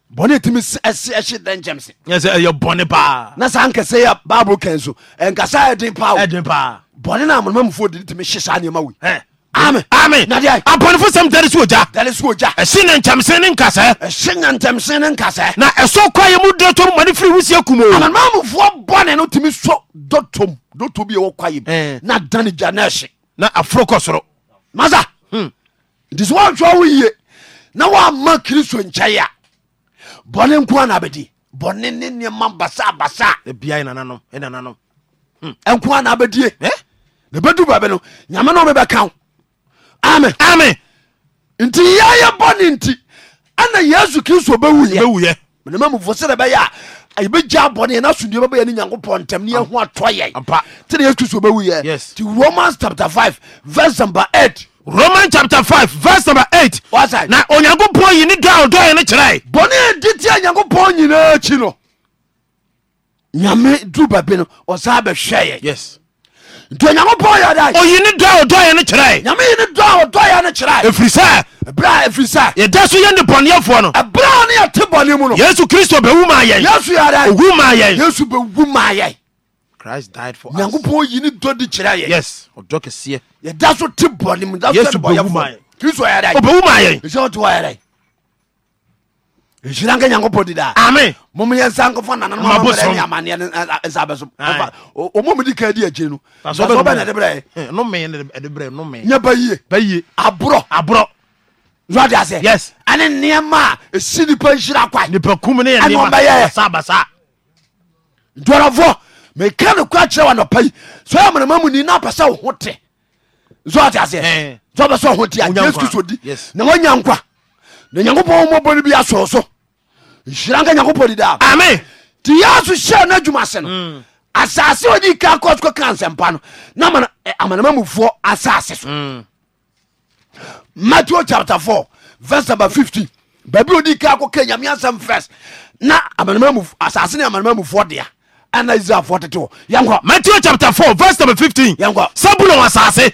bone timise de nkyemse y bone paa na sa nkese ya bible ken so nkase aden pa bone na monema mufo dei timi she saa neama we apɔnefo sɛm dare so ogya ɛhye ne nkyɛmse ne nkasɛɛ na ɛsɔ kɔyɛ mu dɔtom mane firi wosie kumomamufoɔ bɔne no tumi sɔ dɔtom dɔtɔ bi ɛwɔ kwayem na dane gya na ɛhye na aforo kɔ soro masa hmm. nti sɛ woantwɛ wo yie na woama kristo nkyɛe a bɔne nko ana abɛdi bɔne ne ina basabasa hmm. ɛnko ana abɛdie na bɛdu baabi no nyame na ɔmebɛka wo ntiyɛbɔne nti nyes risbsɛɛabɔndyk 5 yankpɔyine dɔɛ kerɛ bɔntea nyankpɔyinakinɛ nnyankpɔyɛyine dɔ aɔyɛno kyerɛyɛda so yɛne bɔneɛfo noyes kristo bw ma m nhyira nka nyankopɔn dida ame momyɛ nsa nkɔfɔ nananmɔmde ka di akyi no sɔbɛna de brɛ nya bayie bayie aborɔ aborɔ zɔde asɛ yes ɛne nneɛma a ɛsi nipa nhyira kwae nipa kum ne yɛnɔbɛyɛ sabasa ntɔrɔfoɔ meka no kora kyerɛ wanɔpa yi so yɛ mmerɛma mu ni na pɛ sɛ wo ho te zɔde asɛ zɔbɛ sɛ wo ho te a yesu kristo di na wanya nkwa na nyankopɔn mɔbɔ no bi asoro so nhyira nka nyankopɔn didaa amen nti yesu hyɛ no adwuma mm. se no asase ogyi ka kɔ so nsɛmpa no na amanama mufoɔ asase so mm. matthew chapter 4 verse number 15 baabi odi ka kɔka nyame asɛm first na asase ne amanama mufoɔ dea ɛna israelfoɔ tete yɛnkɔ matthew chapter 4 verse number 15 yɛnkɔ sabulon asase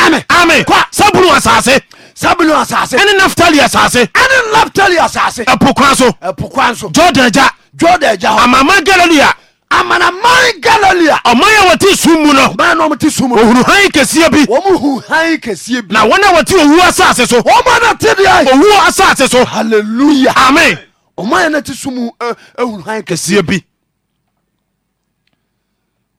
a sabulun asase ne naftali asaseapokwan sojord ajaamaama galileaɔma yɛ wɔte som mu noohuru ha kasia bi na wane wɔte wu asase sowu asase so s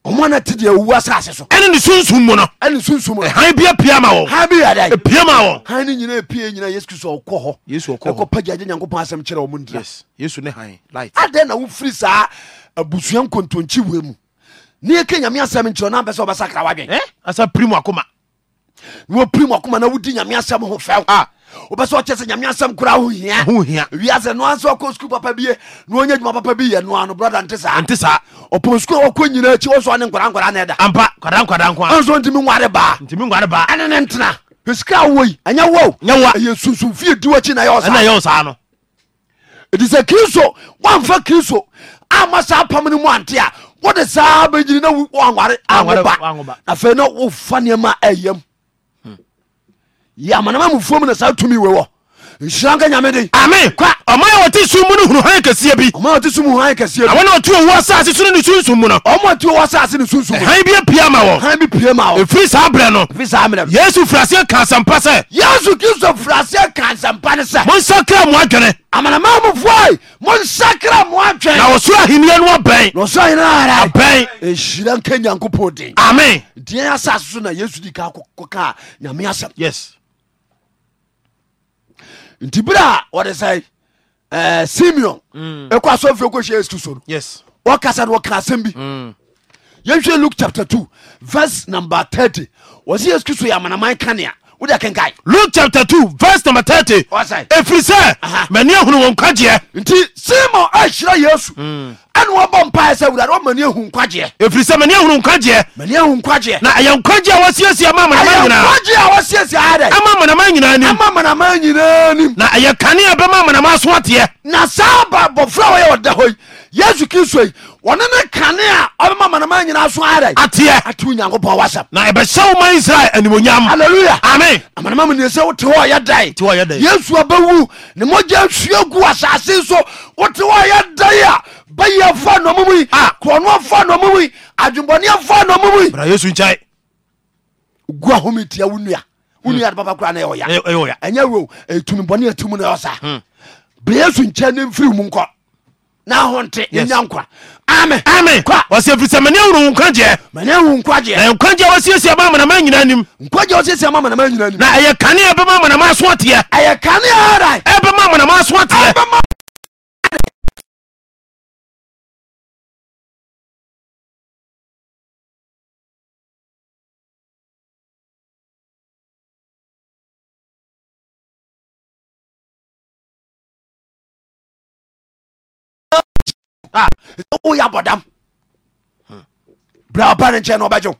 ɔmana te deɛ wu asase so ɛne ne sunsum mu no ɛne sunsum mu han bia pia ma wɔ han bi yada pia ma wɔ han ne nyinaa pia nyinaa yesu kristo ɔkɔ hɔ yesu ɔkɔ hɔ ɛkɔ pagya agye nyankopɔn asɛm kyerɛ ɔmo ndira yes yesu ne han light adɛn na wofiri saa abusua nkontonkyi wɛ mu ne yɛka nyame asɛm nkyerɛ na mpɛ sɛ ɔbɛsa kra wadwen asa piri akoma na wɔpiri mu akoma na wodi nyame asɛm ho fɛw a ah. wobɛsɛ ɔkyɛ sɛ nyame asɛm koraa ho hia ho hia wiase noa sɛ ɔkɔ sukuu papa bie na ɔnya adwuma papa bi yɛ noa no brɔda nte saa nte saa ɔpɔn sukuu a wɔkɔ nyinaa akyi wɔsɔ ne nkwadaa nkwadaa na ɛda. ampa nkwadaa nkwadaa nkwa. anso ntumi nware baa. ntumi nware baa. ɛne ne ntena. esika awo yi ɛnyɛ wo. nyɛ wa ɛyɛ sunsun fie di wɔkyi na yɛ ɔsaa. ɛna yɛ ɔsaa no. edisɛ kristo wɔnfɛ kristo ama saa apam ne mu ante a wɔde saa bɛgyini na wɔnware anwoba afei na wɔfa nneɛma ɛyɛm. Hmm. yɛ mu fuom na saa tumi wɔ. sira ka yme ame ɔmayɛwɔte som mu no huu ha kasie bin ɔtuw sase ne susumna bia piamaɔ firi sabrɛ no yesu fraseɛ ka sɛmpasɛmosa kra moadeɔso aheni bɛm nti bera wɔde sɛ eh, simeon ɛkɔ asɔmfie hyɛ yesu so no wɔkasa no wɔka asɛm bi mm. yɛhwɛ luke chapter 2 verse number 30 sɛ yesu kristo yɛ amanaman kanea wode kenkan luke chapter 2 verse number 30 ɛfiri sɛ mani ahunu wɔ nkwagyeɛ nti simon ahyira yesu ɛne hmm. wɔbɔ mpaɛ sɛ wurade wɔmani ahu nkwagyeɛ ɛfiri sɛ mani ahunu nkwagyeɛ nkwagyeɛ na ɛyɛ nkwagyeɛ a wɔsiesie ma manama nyinaaɛnkwagyeɛ manama nyinaa nim manama nyinaa nim na ɛyɛ kanea bɛma manama so ateɛ na saa ba wɔyɛ wɔda hɔ yi yesu kristo yi wɔne ne kane a ɔbɛma manama nyinaa so ara ateɛ ate onyankopɔn wasɛm na ɛbɛhyɛ wo ma israel animonyam halleluya ame amanama mu sɛ wote hɔ yɛ dae yesu abɛwu ne mogya sua gu asase so wote hɔ yɛ dae a bɛyɛ fa nɔmomu yi ah. korɔnoa fa yi adwembɔneɛ fa nɔmomui bra yesu nkyɛe gu ahometia wo nua wo hmm. nua baba kora na ɛyɛ ɔya ɛnyɛ wo ɛtumbɔne atumu na ɛyɛ saa hmm. bra yesu nkyɛ ne mfiri mu nkɔ nahonte yɛnya nkwa ame ame ɔsɛ ɛfiri sɛ mane awuro wo nkwagyeɛ mane awu nkwagyeɛ nkwagyeɛ wɔsiesie ma amanama nyina anim nkwagyeɛ wɔsiesie ma amanama nyina anim na ɛyɛ kanea ɛbɛma amanama aso ateɛ ɛyɛ kanea ɛdan ɛbɛma amanama aso ateɛ Ah, wo yɛ bɔdam bra bane nkyɛ no ɔbɛgyow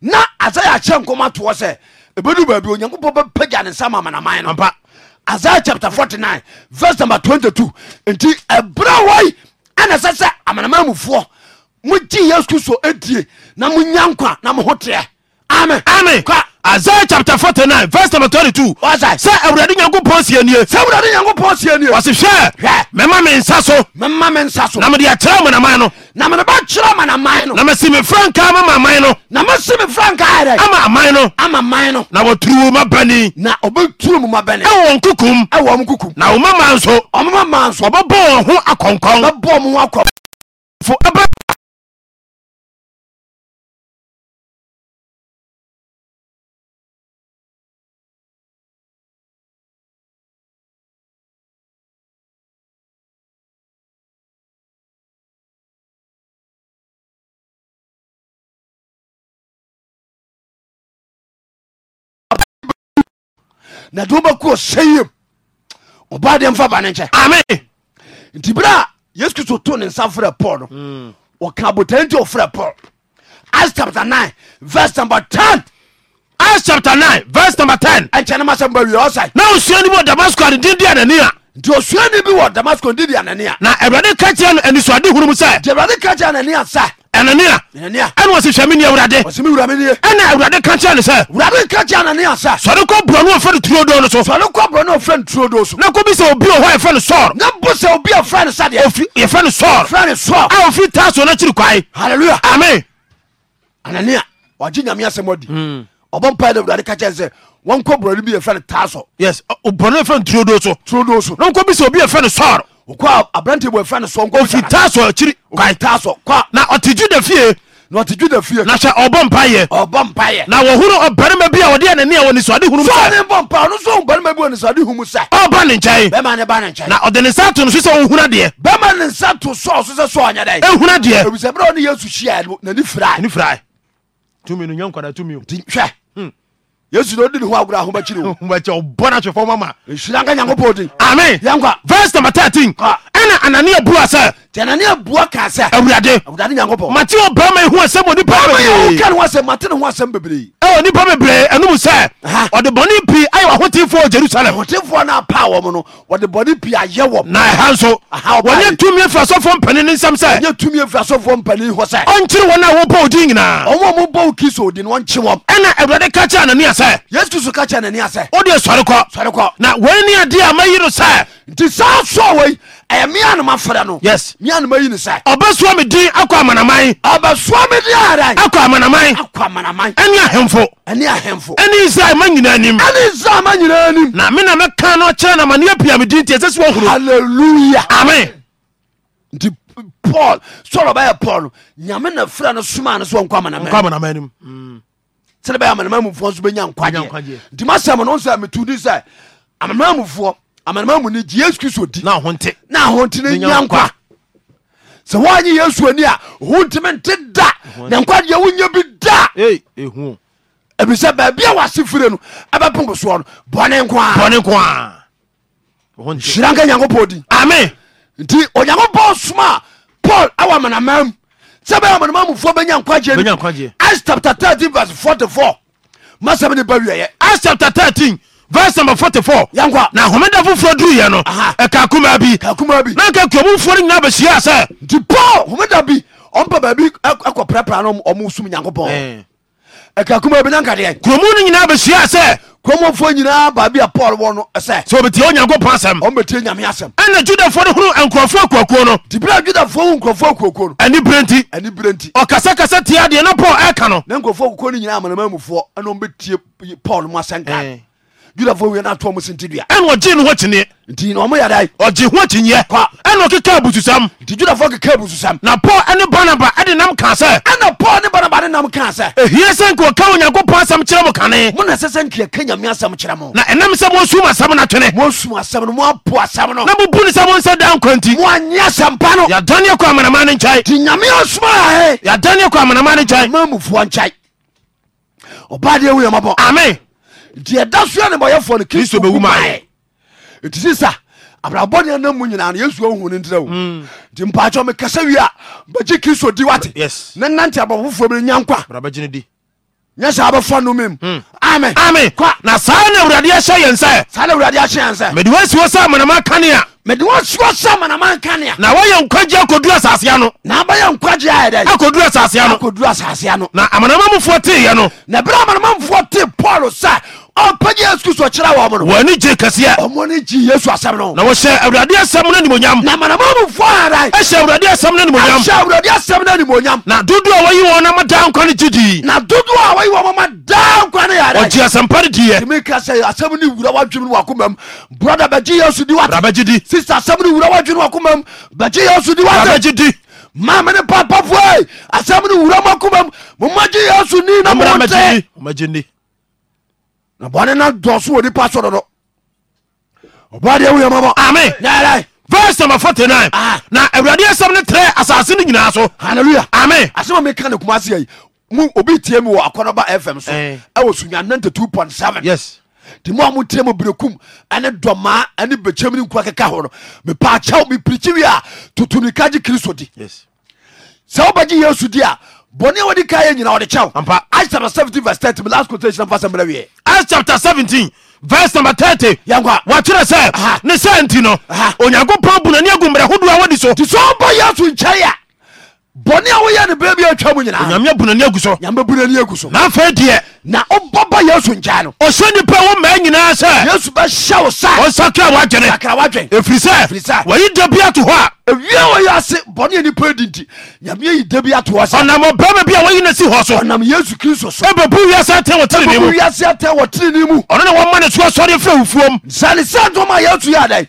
na isaia acyɛ nkomatoɔ sɛ ɛbɛdu baabi onyankopɔn bɛpɛgane nsama amanama noa isaia chapta 49 vers namba 22 nti ɛbra wɔi anasɛ sɛ amanaman mufoɔ mogye yesu kristo adie na monya nkoa na moho teɛ isaiah chapter 49 verse number 22 sɛ awurade nyankopɔn sianie sɛ awurade nyankopɔn sianie wɔse hwɛ hwɛ mɛma me nsa so mɛma me nsa so na mede akyerɛ amanaman no na mede bɛkyerɛ amanaman no na masi me frankaa mama aman no na masi me frankaa dɛ ama aman no ama man no na wɔturu wo ma bani na ɔbɛturu mu ma bani ɛwɔ nkukum ɛwɔ m kukum na wo mama nso ɔmama nso ɔbɛbɔ wɔn ho akɔnkɔn bɛbɔ mo ho akɔnkɔn fo ɛbɛ na de wobɛku sɛ yam ɔba deɛ mfa ba ne nkyɛ ame nti berɛ a yesu kristo to ne nsa frɛ paul no mm. ɔka botaa nti ɔfrɛ paul as chapter 9 verse number 10 chapter 9 number 10 mba wie ɔsae na osuani bi wɔ damasco ade din di nti osuani bi wɔ damasco na awurade ka kyerɛ no anisoade hunu mu sɛ nti awurade ka kyerɛ sɛ anania ɛne wɔse hwɛ meni awurade ɛne awurade ka kyerɛ ne sɛ wurade ka kyerɛ anania sɛ sɔre kɔ borɔ no ɔfɛ no turodo no so sɔre kɔ borɔ no ɔfɛ no turodo so na kɔbi sɛ obi wɔ hɔ yɛfɛ no sɔr na bo sɛ obi ɔfrɛ no sadeɛ yɛfɛ no sɔr frɛ no sɔr a ɔfiri taa so no akyiri kwae halleluya amen anania wagye nyame asɛm adi ɔbɔ mpa dɛ awurade ka kyerɛ sɛ wɔnkɔ borɔ no bi yɛfɛ no taa so yes borɔ no yɛfɛ no turodo so turodo so na nkɔbi sɛ obi yɛfɛ no sɔr okɔ abrante bɔ efra ne sɔn kɔ ofi taaso akyiri ofi taaso kɔ na ɔte juda fie na ɔte juda fie na hyɛ ɔbɔ mpaeɛ ɔbɔ mpaeɛ na wɔhunu ɔbarima bi a wɔde ɛnani a wɔ nisoade hunu mu sɛ sɔɔni bɔ mpa ɔno sɔn ɔbarima bi wɔ nisoade hunu mu sɛ ɔba ne nkyɛn bɛma ne ba ne nkyɛn na ɔde ne nsa to no so sɛ ɔhuna bɛma ne nsa to sɔɔ so sɛ sɔɔ nyɛ dɛ ehuna deɛ ebisɛ bɛrɛ ɔne yesu tumi no nyɛ tumi o yesu de odi ne ho agorɔ aho bɛkyiri wo wɔkyɛ ɔbɔne atwefɔ mama nsira nka nyankopɔn din amen yɛnkwa verse number 13 ɛna anania bua sɛ nti anania bua kaa ni awurade awurade nyankopɔn mate ɔbarima yi ho asɛm onipa bebree ka ne ho asɛm mate ne ho asɛm bebree ɛwɔ nipa bebree ɛnum sɛ ɔde bɔne pii ayɛ wɔahotefoɔ jerusalem ahotefoɔ no apa wɔm no wɔde bɔne pii ayɛ wɔm na ɛha nso wɔnyɛ tumi afiri asɔfoɔ mpani ne nsɛm sɛ ɛnyɛ tumi afiri asɔfoɔ mpani hɔ sɛ ɔnkyere wɔn a wɔbɔ odin nyinaa ɔmo a mobɔ wo kristo odin no ɔnkye wɔm ɛna awurade ka kyerɛ anania yesu kristo ka anani anania sɛ wodeɛ sɔre kɔ sɔre kɔ na wɔani adeɛ a mayi no sɛ nti saa soɔ wei ɛyɛ mea noma frɛ no yes mea yi ne sɛ ɔbɛsoa me din akɔ amanaman ɔbɛsoa me din adan akɔ amanaman akɔ amanaman ɛne ahemfo ɛne ahemfo ɛne israel ma nyinaa anim ɛne israel ma nyinaa anim na me na mɛka no kyerɛ na amanneɛ pia me din nti ɛsɛ sɛ wahuru halleluya amen nti paul sɔrɔ bɛyɛ paul nyame na frɛ no soma no so ɔnkɔ amanaman amanaman anim sɛde bɛyɛ amanaman mufoɔ nso bɛnya nkwagyeɛ nti masɛm no wo sɛ metu di sɛ amanaman mufoɔ amanama mu ni gye yesu kristo di na ahonte na ahonte ne nya nkwa sɛ woanye yesu ani a hontimi nte da na nkwadeɛ wonya bi da ebisɛ baabi a wase fire no ɛbɛpompo soɔ no bɔne nko a hyira nka nyankopɔn din ame nti onyankopɔn soma a paul awɔ amanama mu sɛ bɛyɛ amanama mufoɔ bɛnya nkwagyeɛ no acts chapter 13 verse 44 masɛm ne ba wiɛyɛ acts chapter 13 Verse number vers nb 44 na homeda foforɔ duruyɛ no ɛka kuma bi na ka kuomumfoɔ no nyina bɛsiaa sɛ Di paul homeda bi ɔmpa baabi ɛkɔ prapra no ɔmo som nyankopɔn ɛka kuma bi na nkadeɛ kuromu no nyinaa bɛsiaa sɛ kuromɔfoɔ nyinaa baabi a paul wɔ no sɛ sɛ obɛtie onyankopɔn asɛm ɔmbɛtie nyame asɛm ɛna judafoɔ no hunu nkurɔfoɔ akuakuo no nti berɛ a judafoɔ hu nkurɔfoɔ akuakuo no ɛne berɛ nti ɛne berɛ nti ɔkasakasa tie adeɛ na paul ɛka no na nkurɔfoɔ akuakuo no nyinaa amanamamufoɔ ɛna ɔmbɛtie paul mu asɛnka judafo wiye na atoa mo sentidua ɛna ɔgye ne ho akyineɛ nti ɔmo yɛda ɔgye ho akyinyɛ ɛna ɔkeka abususɛm nti judafo keka abususɛm na paul ne barnaba de nam kaa sɛ ɛna paul ne barnaba ne nam kaa sɛ ɛhia sɛ nka ɔka onyankopɔn asɛm kyerɛ mo kane mo na ɛsɛ sɛ nka ɛka nyame asɛm kyerɛ mo na ɛnam sɛ monsum asɛm no atwene monsum asɛm no moapo asɛm no na mobu ne sɛ monsɛ da nkwa nti moanyɛ asɛmpa no yɛadaneɛ kɔ amanama no nkyɛe nti nyame asoma yɛadaneɛ kɔ amanama no nkyɛe ma mufoɔ nkyɛe ɔba deɛ wuyɛ mɔbɔ ame deɛ da soa nebɔyɛfoɔ no kristo bɛwu maɛ ɛti si sa abrabɔne na mu nyinaa no yɛsua wohune ntirɛ wo mm. nti mpakyɛ mekasa wie a bɛgye kristo di wate ne nante abɔfofoɔ bi no nyankwa nyɛ saa bɛfa nomem mm. ame na saa na awurade ahyɛ yɛn sɛ saa mede woasi sɛ amanama kane mede wɔsoa sama na mankanea na wayɛ nkwagye akɔduru asasea no na bɛyɛ nkwagye ayɛ asasea no asasea no na amanamamufoɔ teeɛ no na berɛ amanamamufoɔ tee paul sa ɔpɛgye yesu kristo kyerɛ wɔ mo no gye kɛseɛ ɔmo gye yesu asɛm no na wɔhyɛ awurade asɛm no animonyam na amanamamufoɔ ara ɛhyɛ awurade asɛm no animonyam ɛhyɛ awurade asɛm no animonyam na dodoɔ a wɔyi wɔn na madaa nkwa no gye na dodoɔ a wɔyi wɔn ma madaa nkwa no yɛra ɔgye asɛmpa no diiɛ tumi ka sɛ asɛm no wura wadwem no wakoma brɔda bɛgye yesu di wabɛgye di kristo asɛm no wura wadwene wakomam bɛgye yesu di wagye di mamene papafoe asɛm no wura mu akomam momagye yesu ni na mote na bɔne na dɔso wɔ nipa so dodo ɔbɔdeɛ woyamabɔ ame verse number forty ah. na awurade asɛm no trɛ asase no nyinaa so. hallelujah amen. asɛm a meka ne kuma se yi mu obi tie mi wɔ akɔnɔba fm so eh. ɛwɔ sunya ninety two point seven. yes. tmo motremu brekum ane dɔmaa ane ne nkura keka hono mepakyɛw mepirikyi wi a totonika gye kristo di sɛ wobagye yesu di a bɔne wode ka yɛ nyina wɔde kyɛw acts chapter 17 verse 30 me last quotation mfa sɛ mmerɛ wie acts chapter 17 verse number 30 yɛnkwa wɔkyerɛ sɛ ne sɛ nti no onyankopɔn bu nani agu mmerɛhodoɔ a wɔde so nti sɛ wobɔ yesu nkyɛe a bɔne a woyɛ no baabi atwa mu nyinaaonyame bunani agu so nyame bunani agu so na afei deɛ na wobɔbɔ yesu nkyɛe no ɔsɛ nipa wo mmaa nyinaa sɛ yesu bɛhyɛ wo sa ɔsakra woadwene sakra woadwen ɛfiri sɛ ɛfiri sɛ wɔyi da bi ato hɔ a ewia se. ase bɔne a nipa di nti nyame yi da bi hɔ sɛ ɔnam ɔbɛma bi a wɔyi no si hɔ so ɔnam yesu kristo so ɛbɛbu wiase atɛn wɔ terene mu wiase atɛn wɔ terene mu ɔno ne wɔma ne so asɔre firi awufuom sane sɛ dɔm a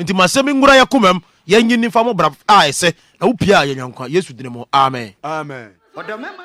nti masɛm nwura yɛ komam yɛnyi nifa mo bra a ah, ɛsɛ na wopie a yɛnyankwa yesu dine mu amen